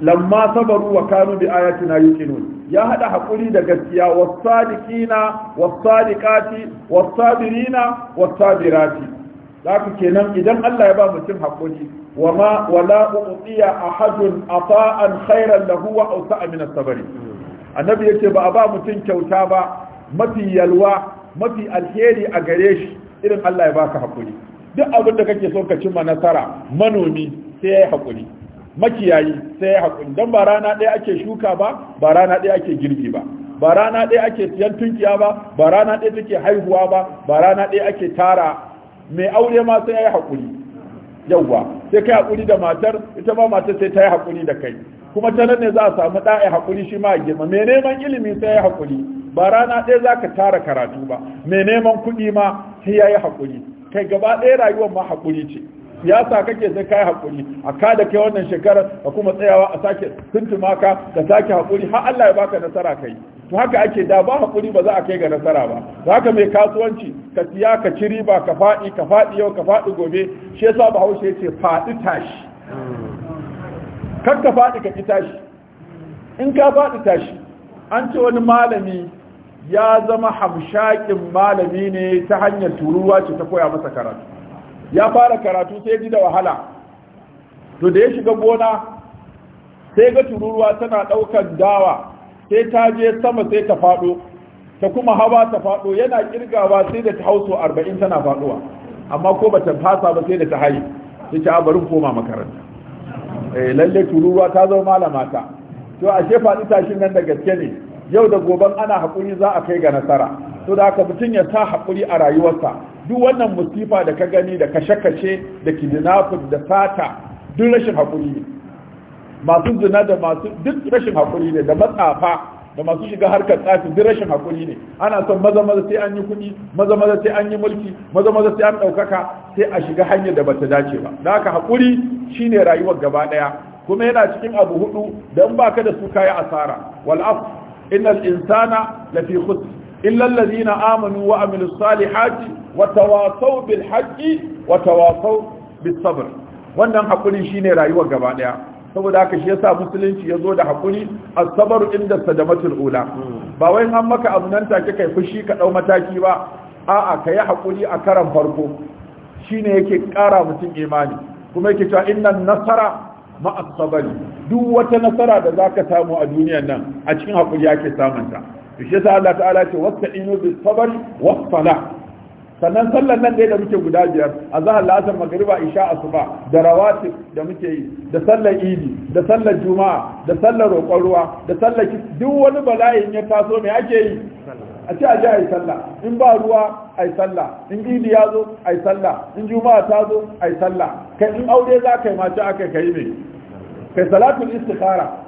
lamma sabaru wa kanu bi ayatina yuqinun ya hada hakuri da gaskiya wasadiqina wasadiqati wasabirina wasabirati zaka kenan idan Allah ya ba mutum hakuri wama wala uqiya ahadun ata'an khairan lahu wa awsa'a min as sabr annabi yace ba a ba mutum kyauta ba mafi yalwa mafi alheri a gare shi irin Allah ya baka hakuri duk abin da kake so ka cimma nasara manomi sai ya yi hakuri makiyayi sai ya haƙuri don ba rana ɗaya ake shuka ba ba rana ɗaya ake girbi ba ba rana ɗaya ake siyan tunkiya ba ba rana ɗaya take haihuwa ba ba rana ɗaya ake tara mai aure ma sai ya yi haƙuri yauwa sai kai haƙuri da matar ita ma matar sai ta yi haƙuri da kai kuma ta nan ne za a samu ɗaya haƙuri shi ma a girma mai neman ilimi sai ya yi haƙuri ba rana ɗaya za ka tara karatu ba mai neman kuɗi ma sai ya yi haƙuri kai gaba ɗaya rayuwar ma haƙuri ce siyasa kake sai kai hakuri a ka da kai wannan shekarar ka kuma tsayawa a sake tuntuma ka ka sake hakuri har Allah ya baka nasara kai to haka ake da ba hakuri ba za a kai ga nasara ba haka mai kasuwanci ka siya ka ci riba ka faɗi ka faɗi yau ka faɗi gobe shi yasa Bahaushe yace faɗi tashi kar ka faɗi ka ki tashi in ka faɗi tashi an ce wani malami ya zama hamshakin malami ne ta hanyar turuwa ce ta koya masa karatu ya fara karatu sai ji da wahala to da ya shiga gona sai ga tururuwa tana ɗaukan dawa sai ta je sama sai ta faɗo ta kuma hawa ta faɗo yana kirgawa sai da ta hauso arba'in tana faduwa amma ko ba ta fasa ba sai da ta haye sai ta bari koma makaranta eh lalle tururuwa ta zo malama ta to ashe faɗi tashin nan da gaske ne yau da goban ana hakuri za a kai ga nasara to da haka mutum ya sa hakuri a rayuwarsa duk wannan musifa da ka gani da kashe-kashe da kidnapping da sata duk rashin hakuri ne masu zina da masu duk rashin hakuri ne da matsafa da masu shiga harkar tsafi duk rashin hakuri ne ana son maza maza sai an yi kuɗi maza maza sai an yi mulki maza maza sai an ɗaukaka sai a shiga hanyar da bata dace ba da haka hakuri shine rayuwar gaba ɗaya kuma yana cikin abu hudu dan baka da su kayi asara Wal'af af innal insana lafi khusr إلا الذين آمنوا وعملوا الصالحات وتواصوا بالحق وتواصوا بالصبر wannan hakuri shine rayuwar gaba daya saboda haka shi yasa musulunci yazo da hakuri as-sabr inda sadamatul ula ba wai an maka abu nan take kai fushi ka dau mataki ba a'a kai hakuri a karan farko shine yake kara mutum imani kuma yake cewa innan nasara ma as-sabr duk wata nasara da zaka samu a duniyar nan a cikin hakuri yake samunta shi sa Allah ta'ala ce wasta'inu bis sabr was salah sannan sallar nan dai da muke guda biyar a zahar la'asar magariba isha asuba da rawati da muke yi da sallar idi da sallar juma'a da sallar roƙon ruwa da sallar duk wani bala'in ya taso mai ake yi a ce a je a sallah in ba ruwa a yi sallah in idi ya zo a yi sallah in juma'a ta zo a yi sallah kai in aure za ka yi mace aka kai mai kai salatul istikhara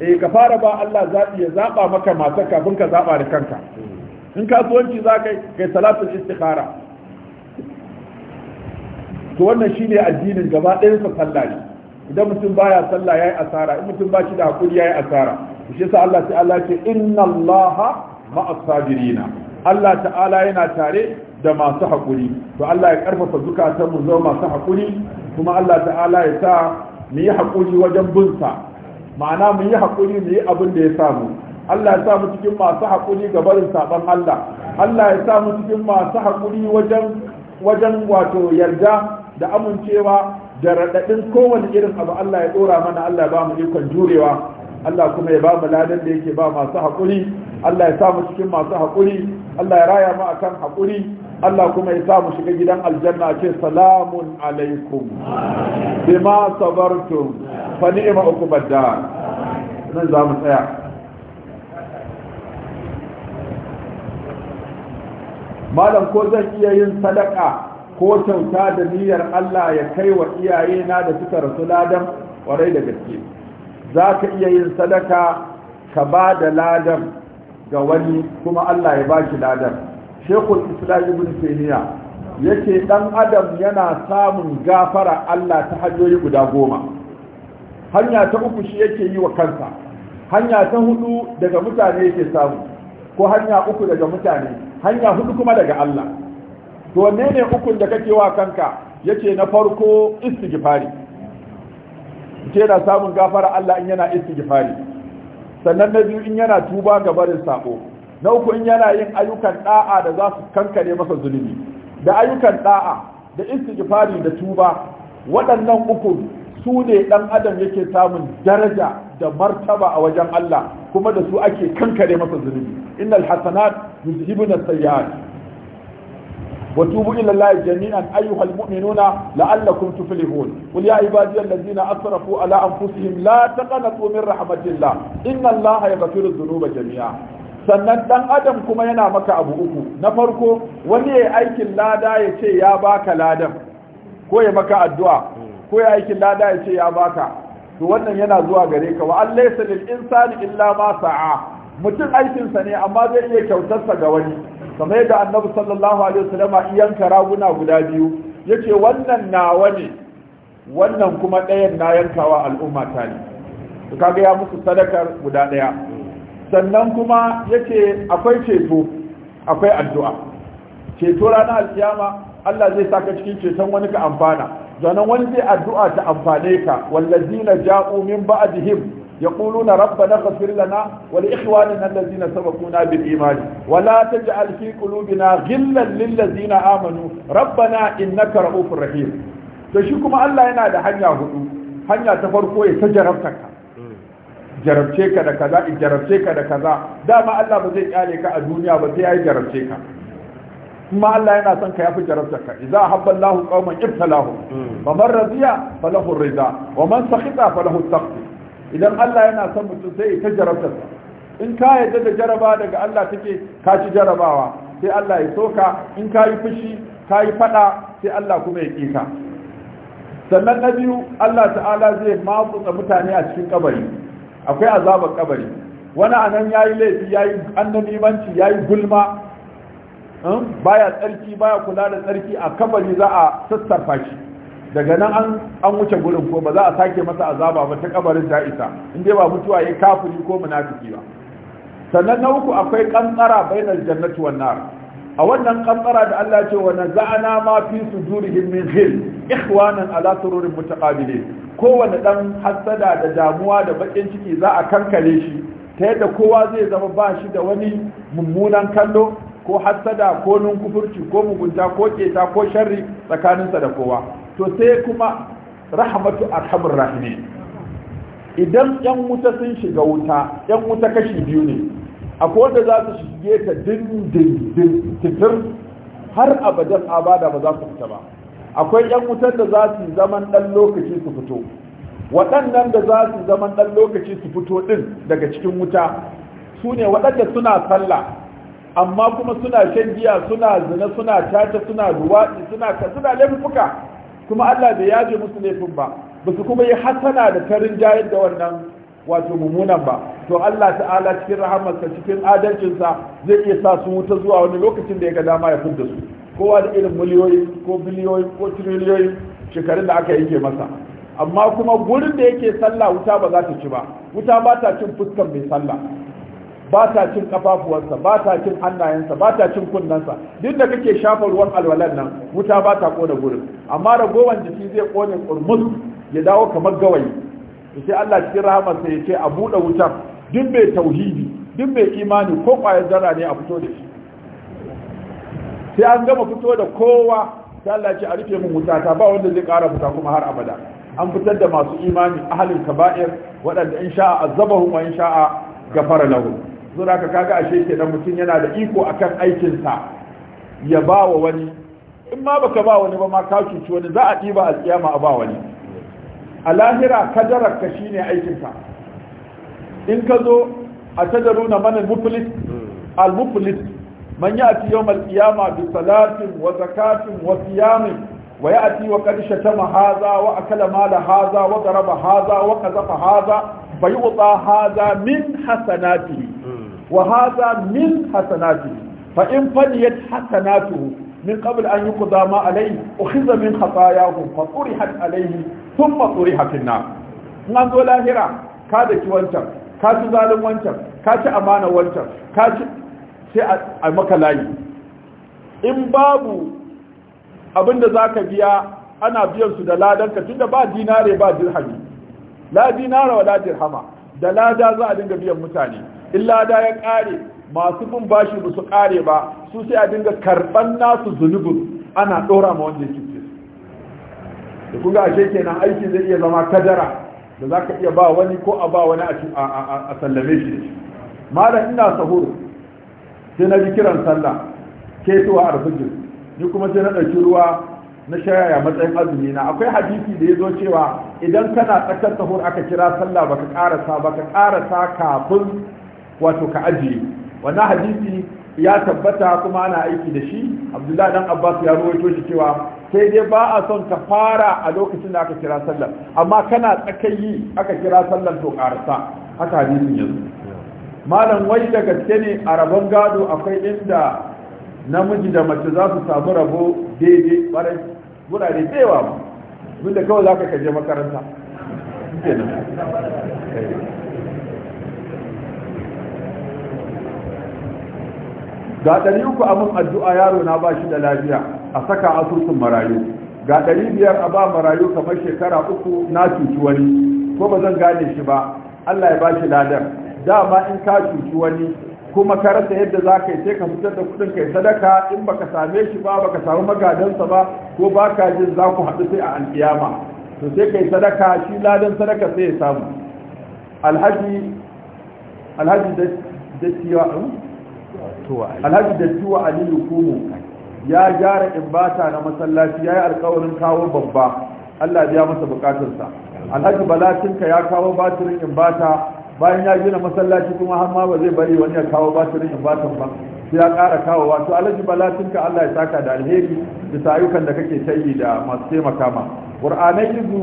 eh ka fara ba Allah zaɓi ya zaɓa maka mata kafin ka zaɓa da kanka in kasuwanci za ka yi kai salatul istikhara to wannan shine addinin gaba ɗayan sa sallah ne idan mutum baya sallah yayi asara in mutum ba shi da hakuri yayi asara shi sa Allah sai Allah ce inna Allaha Allah ta'ala yana tare da masu hakuri to Allah ya karfafa zukatan mu zama masu hakuri kuma Allah ta'ala ya sa mu yi hakuri wajen bin sa ma'ana mun yi haƙuri mu yi abin da ya samu Allah ya sa mu cikin masu haƙuri ga barin saban Allah Allah ya sa mu cikin masu haƙuri wajen wajen wato yarda da amincewa da raɗaɗin kowane irin abu Allah ya ɗora mana Allah ya ba mu ikon jurewa Allah kuma ya ba mu ladan da yake ba masu haƙuri Allah ya sa mu cikin masu haƙuri Allah ya raya mu akan haƙuri Allah kuma ya sa mu shiga gidan aljanna ce salamun alaikum bima sabartum fa ni'ma uqbad dar nan za mu tsaya malam ko zan iya yin sadaka ko kyauta da niyyar Allah ya kai wa iyaye na da suka rasu ladan kwarai da gaske za ka iya yin sadaka ka ba da ladan ga wani kuma Allah ya ba shi ladan shekul islam ibn taymiya yake dan adam yana samun gafara Allah ta hanyoyi guda goma hanya ta uku shi yake yi wa kansa hanya ta hudu daga mutane yake samu ko hanya uku daga mutane hanya hudu kuma daga Allah to wanne ne ukun da kake wa kanka yake na farko istighfari ce yana samun gafara Allah in yana istighfari sannan na biyu in yana tuba ga barin sako na uku in yana yin ayyukan da'a da za su kankare masa zunubi da ayyukan da'a da istighfari da tuba waɗannan uku su ne ɗan adam yake samun daraja da martaba a wajen Allah kuma da su ake kankare masa zunubi innal hasanat yuzhibuna sayyi'at wa tubu ila Allah jami'an ayyuhal mu'minuna la'allakum tuflihun qul ya ibadiy allazina asrafu ala anfusihim la taqnatu min rahmatillah inna Allah yaghfiru dhunuba jami'a sannan ɗan adam kuma yana maka abu uku na farko wani ya aikin lada ya ce ya baka ladan ko ya maka addu'a ko ya aikin lada ya ce ya baka to wannan yana zuwa gare ka wa allaysa lil insani illa ma sa'a mutum aikin sa ne amma zai iya kyautarsa ga wani kamar yadda annabi sallallahu alaihi wasallam iyan karaguna guda biyu yace wannan nawa ne wannan kuma ɗayan na yankawa al'umma ta ne kaga ya musu sadakar guda ɗaya sannan kuma yace akwai ceto akwai addu'a ceto ranar alkiyama Allah zai saka cikin ceton wani ka amfana zanen wani zai addu'a ta amfane ka wallazina ja'u min ba'dihim يقولون ربنا اغفر لنا ولاخواننا الذين سبقونا بالايمان ولا تجعل في قلوبنا غلا للذين امنوا ربنا انك رؤوف رحيم to shi kuma Allah yana da hanya hudu hanya ta farko ya ta ka. jarabce ka da kaza in jarabce ka da kaza dama Allah ba zai kyale ka a duniya ba sai ya jarabce ka kuma Allah yana son ka yafi jarabta ka idza habba Allahu qauman ibtalahu hmm. wa man radiya falahu rida wa man sakhita falahu sakhti idan Allah yana son mutum sai ta jarabta in ka yadda da jaraba daga Allah take ka ci jarabawa sai Allah ya soka in ka yi fushi ka yi fada sai Allah kuma ya kika sannan na biyu Allah ta'ala zai mafutsa mutane a cikin kabari akwai azabar kabari wani anan yayi laifi yayi ya yayi gulma hmm? baya tsarki baya kula da tsarki a kabari za a sassafa shi daga nan an wuce gurin ko ba za a sake masa azaba ba ta kabarin ta isa in dai ba mutuwa ya kafiri ko munafiki ba sannan na uku akwai kantsara bainal jannati wan a wannan kankara da Allah ce wa naza'ana ma fi sujurihim min ghil ikhwanan ala sururin mutaqabilin kowanne dan hasada da damuwa da bakin ciki za a kankale shi ta yadda kowa zai zama ba shi da wani mummunan kallo ko hasada ko nunkufurci ko mugunta ko keta ko sharri tsakaninsa da kowa to sai kuma rahmatu arhamur rahimin idan yan wuta sun shiga wuta yan wuta kashi biyu ne akwai wanda za su shige ta dindindin fitar har abadan abada ba za su fita ba akwai yan wutar da za su zaman dan lokaci su fito waɗannan da za su zaman dan lokaci su fito din daga cikin wuta su ne waɗanda suna sallah amma kuma suna shan giya suna zina suna tata suna ruwa, suna suna laifuka kuma Allah bai yaje musu laifin ba ba su kuma yi hasana da tarin jayar da wannan wato mummunan ba to Allah ta'ala cikin rahamarsa cikin adalcinsa zai iya sa su wuta zuwa wani lokacin da ya ga dama ya fudda su kowa da irin miliyoyi ko biliyoyi ko triliyoyi shekarun da aka yanke masa amma kuma gurin da yake sallah wuta ba za ta ci ba wuta ba ta cin fuskar mai sallah ba ta cin kafafuwarsa ba ta cin hannayensa ba ta cin kunnensa duk da kake shafa ruwan alwalan nan wuta ba ta kona gurin amma ragowan jiki zai kone kurmus ya dawo kamar gawayi sai Allah cikin rahamarsa ya ce a buɗe wutar duk mai tauhidi duk mai imani ko ƙwayar zara ne a fito da shi sai an gama fito da kowa sai Allah ce a rufe mun wuta ta ba wanda zai ƙara fita kuma har abada an fitar da masu imani ahalin kaba'ir waɗanda in sha'a azabahu wa in sha'a gafara lahu zura ka kaga ashe kenan mutum yana da iko akan aikin ta. ya ba wa wani in ma baka ba wani ba ma ka cuci wani za a ɗiba alƙiyama a ba wani a lahira kadarar shi shine aikinka in ka zo a tadaruna man al-muflis hmm. al-muflis man ya'ti yawm al-qiyama bi salatin wa zakatin wa siyamin wa ya'ti wa qad shatama hadha wa akala mala hadha wa daraba hadha wa haza hadha fayu'ta hadha min hmm. wa haza min hasanatihi fa in fadiyat hasanatuhu min qabl an yuqda ma alayhi ukhiza min khataayahum fa turihat alayhi sun masuri hafin na in an zo lahira ka da ki wancan ka ci zalin wancan ka ci amana wancan ka ci sai a maka layi in babu abinda za ka biya ana biyan su da ladanka tunda ba dinare ba dirhami la dinara wala dirhama da lada za a dinga biyan mutane in lada ya kare masu bin bashi ba su kare ba su sai a dinga karban nasu zunubin ana dora ma wanda yake da kuma ashe kenan aiki zai iya zama kadara da za ka iya ba wani ko a ba wani a sallame shi da shi malam ina sahur sai na ji kiran sallah ketowa alfijir ni kuma sai na ɗauki ruwa na shayaya matsayin azumi na akwai hadisi da ya zo cewa idan kana tsakar sahur aka kira sallah baka karasa baka karasa kafin wato ka ajiye wannan hadisi ya tabbata kuma ana aiki da shi abdullahi dan abbas ya ruwaito shi cewa sai dai ba a son ka fara a lokacin da aka kira sallar amma kana tsakayi aka kira sallar to karsa haka hadisin yanzu malam wai da gaske ne a rabon gado akwai inda namiji da mace za su samu rabo daidai barai gurare da yawa ba mun da kawai za ka kaje makaranta ga ɗari uku amin addu'a yaro na ba shi da lafiya a saka asusun marayu ga ɗari biyar a ba marayu kamar shekara uku na cuci wani ko ba zan gane shi ba allah ya ba shi ladar dama in ka cuci wani kuma ka rasa yadda za ka yi sai ka fitar da kuɗin kai sadaka in baka same shi ba baka samu magadansa ba ko ba ka jin za ku haɗu sai a alƙiyama to sai kai sadaka shi ladan sadaka sai ya samu alhaji alhaji da tiwa hmm? alhaji da tiwa aliyu kuma ya gyara imbata na masallaci ya yi alkawarin kawo babba Allah ya masa bukatarsa alhaji balatinka ya kawo batirin imbata bayan ya gina masallaci kuma har ma ba zai bari wani ya kawo batirin imbatan ba sai ya ƙara kawo wato alhaji balatinka Allah ya saka da alheri da sayukan da kake tayi da masu taimaka ma qur'anai izu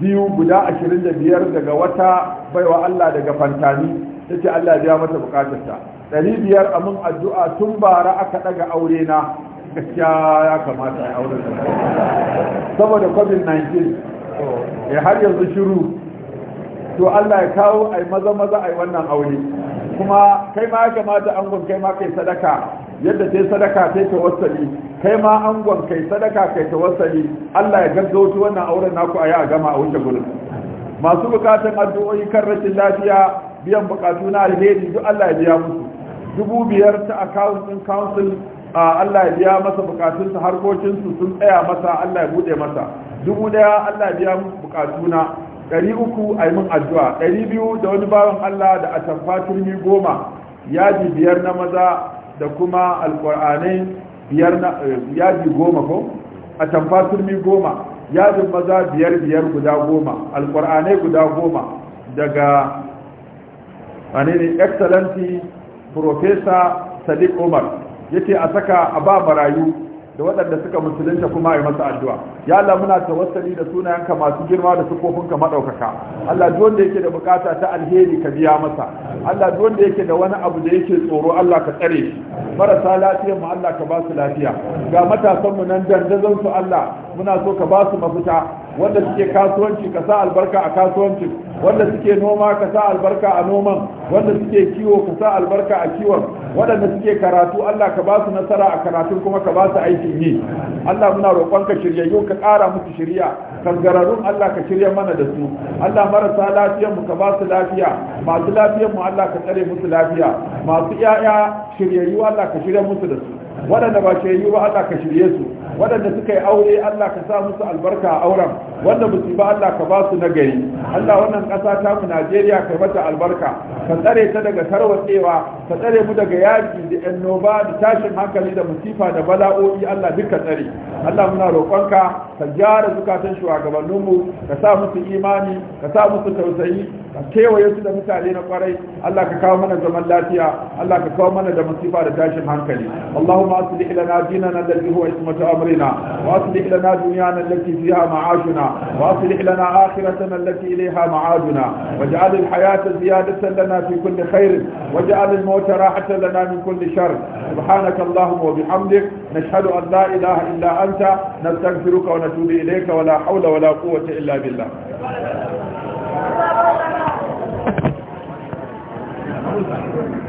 biyu guda ashirin da biyar daga wata baiwa Allah daga fantani tace Allah ya biya mata bukatarsa ɗari biyar a mun addu'a tun bara aka ɗaga aure na gaskiya ya kamata ya aure da saboda covid-19 ya eh, har yanzu shiru to Allah ya kawo ai maza maza a wannan aure kuma kai ma ya kamata angon kai ma kai sadaka yadda sai sadaka ta wasali. kai ma angon kai sadaka kai ta wasali. Allah ya gaggauta wannan auren naku a yi a gama a wuce gudun masu bukatan addu'o'i kan rashin lafiya biyan bukatu na alheri duk Allah ya biya musu dubu biyar ta account din council Allah ya biya masa bukatunsa harkokinsu sun tsaya masa Allah ya bude masa dubu daya Allah ya biya bukatuna ɗari uku a yi min addu'a ɗari biyu da wani bawan Allah da a tamfa turmi goma yaji biyar na maza da kuma alƙur'anai biyar na eh, yaji goma ko a tamfa turmi goma yajin maza biyar biyar guda goma alƙur'anai guda goma daga wane ne excellency profesa sadiq umar ya a saka a ba marayu da waɗanda suka musulunta kuma ya masa addu'a ya Allah muna tawassali da sunayenka masu girma da sukofinka madaukaka Allah duk wanda yake da bukata ta alheri ka biya masa Allah duk wanda yake da wani abu da yake tsoro Allah ka tsare marasa lafiya mu Allah ka ba su lafiya ga matasan mu nan dazan su Allah muna so ka ba su mafita wanda suke kasuwanci ka sa albarka a kasuwanci wanda suke noma ka sa albarka a noman wanda suke kiwo ka sa albarka a kiwon waɗanda suke karatu Allah ka ba su nasara a karatu kuma ka ba su aikin yi Allah muna roƙonka shiryayyu ka ƙara musu shirya kangararrun Allah ka shirya mana da su Allah marasa lafiyar mu ka ba su lafiya masu lafiyar mu Allah ka tsare musu lafiya masu 'ya'ya shiryayyu Allah ka shirya musu da su waɗanda ba shiryayyu ba Allah ka shirye su waɗanda suka yi aure Allah ka sa musu albarka a auren wanda ba Allah ka ba su nagari Allah wannan ƙasa ta mu Najeriya ka mata albarka ka tsare ta daga tarwatsewa ka tsare mu daga yaki da annoba da tashin hankali da musifa da bala'o'i Allah duka tsare Allah muna roƙonka ka gyara zukatan mu ka sa musu imani ka sa musu tausayi ka kewaye su da mutane na kwarai Allah ka kawo mana zaman lafiya Allah ka kawo mana da musifa da tashin hankali Allahumma aslih lana dinana alladhi huwa ismatu amr ربنا وأصلح لنا دنيانا التي فيها معاشنا وأصلح لنا آخرتنا التي إليها معادنا واجعل الحياة زيادة لنا في كل خير واجعل الموت راحة لنا من كل شر سبحانك اللهم وبحمدك نشهد أن لا إله إلا أنت نستغفرك ونتوب إليك ولا حول ولا قوة إلا بالله Thank you.